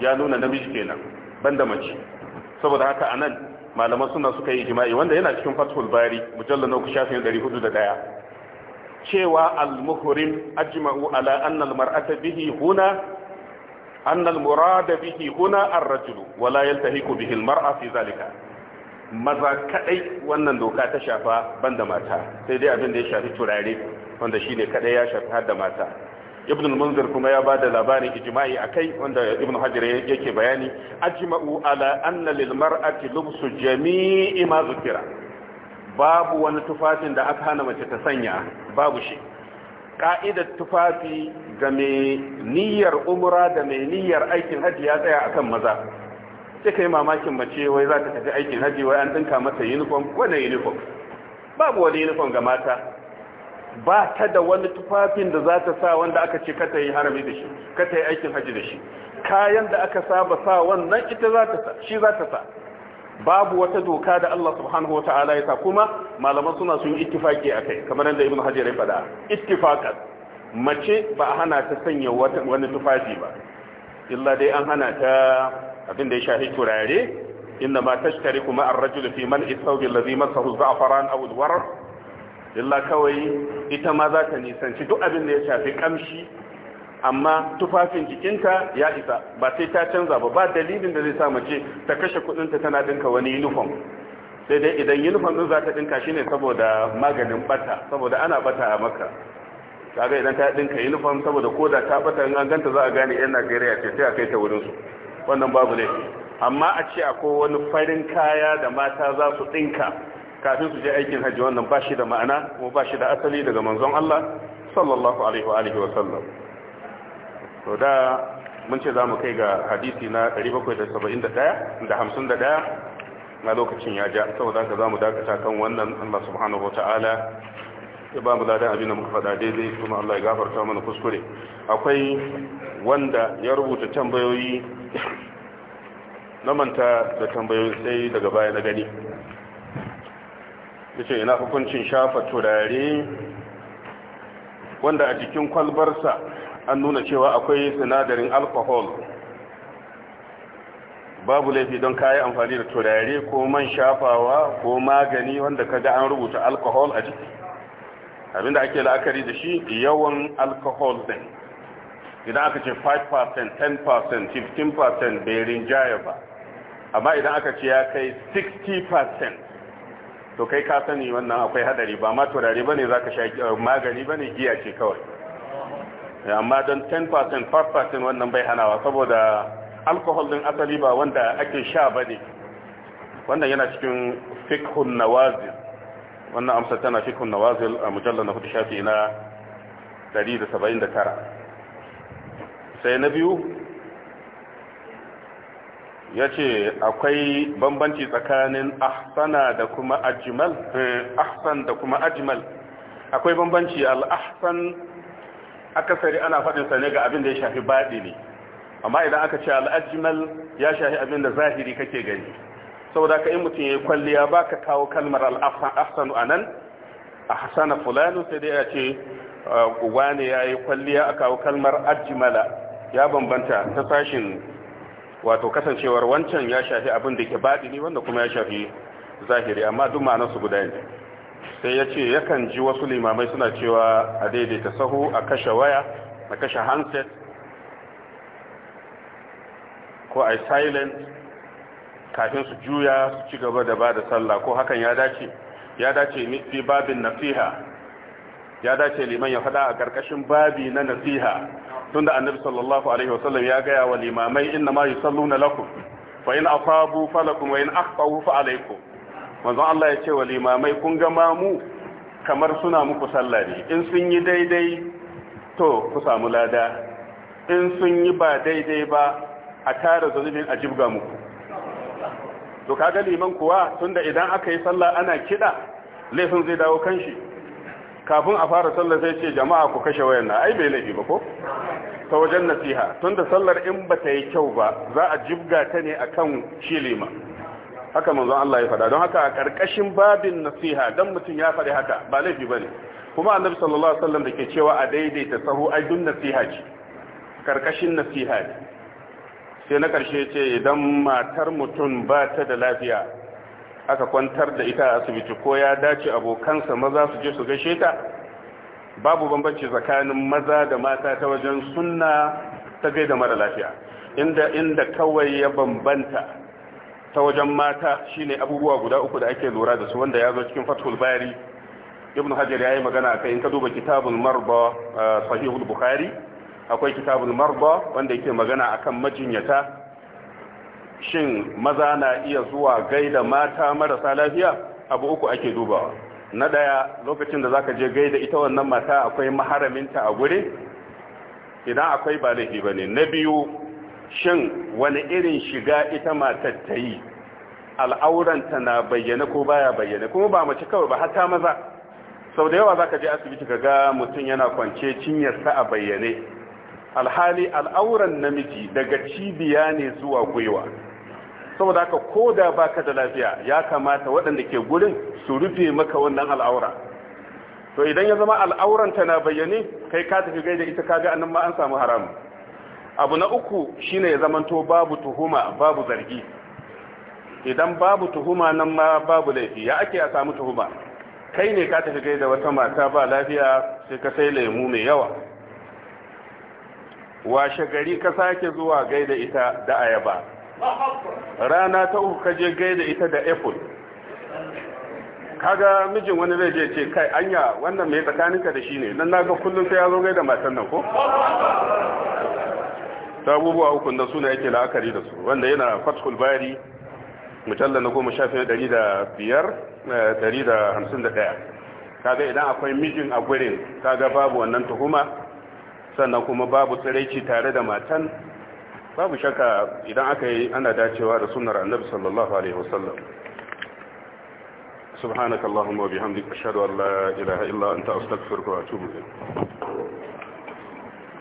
ya nuna namiji kenan banda mace saboda haka anan malaman suna suka yi jima'i wanda yana cikin fathul bari mujallal na uku shafin 401 cewa al-muhrim ajma'u ala anna al-mar'ata bihi huna anna al bihi huna ar-rajulu wala la bihi al fi zalika maza kadai wannan doka ta shafa banda mata sai dai abin da ya shafi turare wanda shine kadai ya shafi har da mata ibn al-munzir kuma ya bada labarin ijma'i akai wanda ibn hajar yake bayani ajma'u ala anna lil mar'ati lubsu jami'i ma zukira babu wani tufafin da aka hana mace ta sanya babu shi ka'idar tufafi ga mai niyyar umra da mai niyyar aikin hajji ya tsaya akan maza sai kai mamakin mace wai za ta tafi aikin hajji wai an dinka mata uniform wannan uniform babu wani uniform ga mata ba ta da wani tufafin da za ta sa wanda aka ce kata yi harami da shi kata yi aikin haji da shi kayan da aka saba sa wannan ita za ta sa shi za ta sa babu wata doka da Allah subhanahu wa ta'ala ya sa kuma malaman suna sun ittifaki akai kamar yadda Ibn hajar ya faɗa ittifaqan mace ba a hana ta sanya wani tufafi ba illa dai an hana ta abin da ya shafi turare inna ma tashtari kuma ar-rajul fi man isawbi allazi masahu za'faran abu warar illa kawai ita ma za ta nisanci duk abin da ya shafi kamshi amma tufafin jikinta ya isa ba sai ta canza ba ba dalilin da zai sa mace ta kashe kudinta tana dinka wani uniform sai dai idan uniform din za ta dinka shine saboda maganin bata saboda ana bata a maka kaga idan ta dinka uniform saboda koda ta bata in an ganta za a gane yan Najeriya ce sai a kai ta wurin su wannan babu ne amma a ce akwai wani farin kaya da mata za su dinka kafin su je aikin hajji wannan ba shi da ma'ana kuma ba shi da asali daga manzon Allah sallallahu alaihi wa alihi wa sallam to da mun ce zamu kai ga hadisi na 771 da 51 na lokacin ya ja saboda haka zamu dakata kan wannan Allah subhanahu wa ta'ala ya ba mu ladan abin da muka faɗa daidai kuma Allah ya gafarta mana kuskure akwai wanda ya rubuta tambayoyi na manta da tambayoyi sai daga baya na gani yace ina hukuncin shafa turare wanda a jikin kwalbarsa an nuna cewa akwai sinadarin alcohol babu laifi don kayi amfani da turare ko man shafawa ko magani wanda kaga an rubuta alcohol a jiki abinda ake la'akari da shi yawan alcohol din idan aka ce 5% 10% 15% bai rinjaya ba amma idan aka ce ya kai 60% to kai ka sani wannan akwai hadari ba ma turare bane zaka sha eh, magani bane giya ce kawai eh, amma don 10% 5% wannan bai hanawa saboda alcohol din asali ba wanda ake sha bane wannan yana cikin fikhun nawazil wannan amsa tana fikhun nawazil a mujallal na hudu shafi na 179 sai na biyu ya ce akwai bambanci tsakanin ahsana da kuma ajimal eh, ahsan da kuma ajimal akwai bambanci al'ahsan akasari ana faɗinsa ne ga abin da ya shafi baɗi ne amma idan aka ce al'ajimal ya shafi abin da zahiri kake gani saboda ka yi mutum ya yi kwalliya ba ka kawo kalmar al'ahsanu a nan a hasana fulani sai dai ya ce eh, wane ya yi kwalliya a kawo kalmar ajimala ya bambanta ta sashin wato kasancewar wancan ya shafi abin da ke baɗini wanda kuma ya shafi zahiri amma duk su guda ne sai ya ce yakan ji wasu limamai suna cewa a daidaita sahu a kashe waya a kashe handset ko a silent kafin su juya su ci gaba da ba da sallah ko hakan ya dace ya dace fi babin nasiha ya dace liman ya faɗa a ƙarƙashin babi na nasiha tunda annabi sallallahu alaihi wasallam ya gaya wa limamai inna ma yusalluna lakum fa in asabu falakum wa in akhtau fa alaykum manzon Allah ya ce wa limamai kun ga mamu kamar suna muku sallah ne in sun yi daidai to ku samu lada in sun yi ba daidai ba a tara zunubin a jibga muku to kaga liman kuwa tunda idan aka yi sallah ana kida laifin zai dawo kanshi kafin a fara sallar sai ce jama'a ku kashe wayan na ai bai laifi ba ko ta wajen nasiha tunda sallar in ba ta yi kyau ba za a jibga ta ne akan shi haka manzon Allah ya fada don haka a ƙarƙashin babin nasiha dan mutum ya faɗi haka ba laifi bane kuma annabi sallallahu alaihi wasallam dake cewa a daidaita sahu ai dun nasiha ce ƙarƙashin nasiha ce sai na ƙarshe ce idan matar mutum ba ta da lafiya aka kwantar da ita a asibiti ko ya dace abokansa maza su je su gaishe ta babu bambanci tsakanin maza da mata ta wajen sunna ta gaida mara lafiya inda inda kawai ya bambanta ta wajen mata shine abubuwa guda uku da ake lura da su wanda ya zo cikin fathul bari ibnu hajar ya yi magana akai in ka duba kitabul marba uh, sahihul bukhari akwai kitabul marba wanda yake magana akan majinyata shin maza na iya zuwa gaida mata marasa lafiya abu uku ake dubawa na daya lokacin da zaka je gaida ita wannan mata akwai maharaminta a gure idan akwai ba laifi bane na biyu shin wani irin shiga ita mata ta yi al'auranta na bayyana ko baya bayyana kuma ba mace kawai ba hata maza sau da yawa zaka je asibiti ka ga mutum yana kwance cinyarsa a bayyane alhali al'auran namiji daga cibiya ne zuwa gwiwa saboda haka ko da baka da lafiya ya kamata waɗanda ke gurin su rufe maka wannan al'aura to idan ya zama al'auranta na bayyane kai ka tafi gaida ita kaga annan ma an samu haram abu na uku shine ya zamanto babu tuhuma babu zargi idan babu tuhuma nan ma babu laifi ya ake a samu tuhuma kai ne ka tafi gaida wata mata ba lafiya sai ka sai lemu mai yawa washe gari ka sake zuwa gaida ita da ayaba rana ta uku kaje gaida ita da apple kaga mijin wani zai je ce kai anya wannan mai tsakaninka da shi ne nan naga kullum sai ya zo gaida matan nan ko ta abubuwa uku da suna yake la'akari da su wanda yana fathul bari mujalla na goma shafi ɗari da eh, kaga idan akwai mijin a gurin kaga babu wannan tuhuma sannan kuma babu tsiraici tare da matan babu shaka idan aka yi ana dacewa da sunnar annabi sallallahu alaihi wasallam subhanakallahumma wa bihamdika ashhadu an la ilaha illa anta astaghfiruka wa atubu ilayk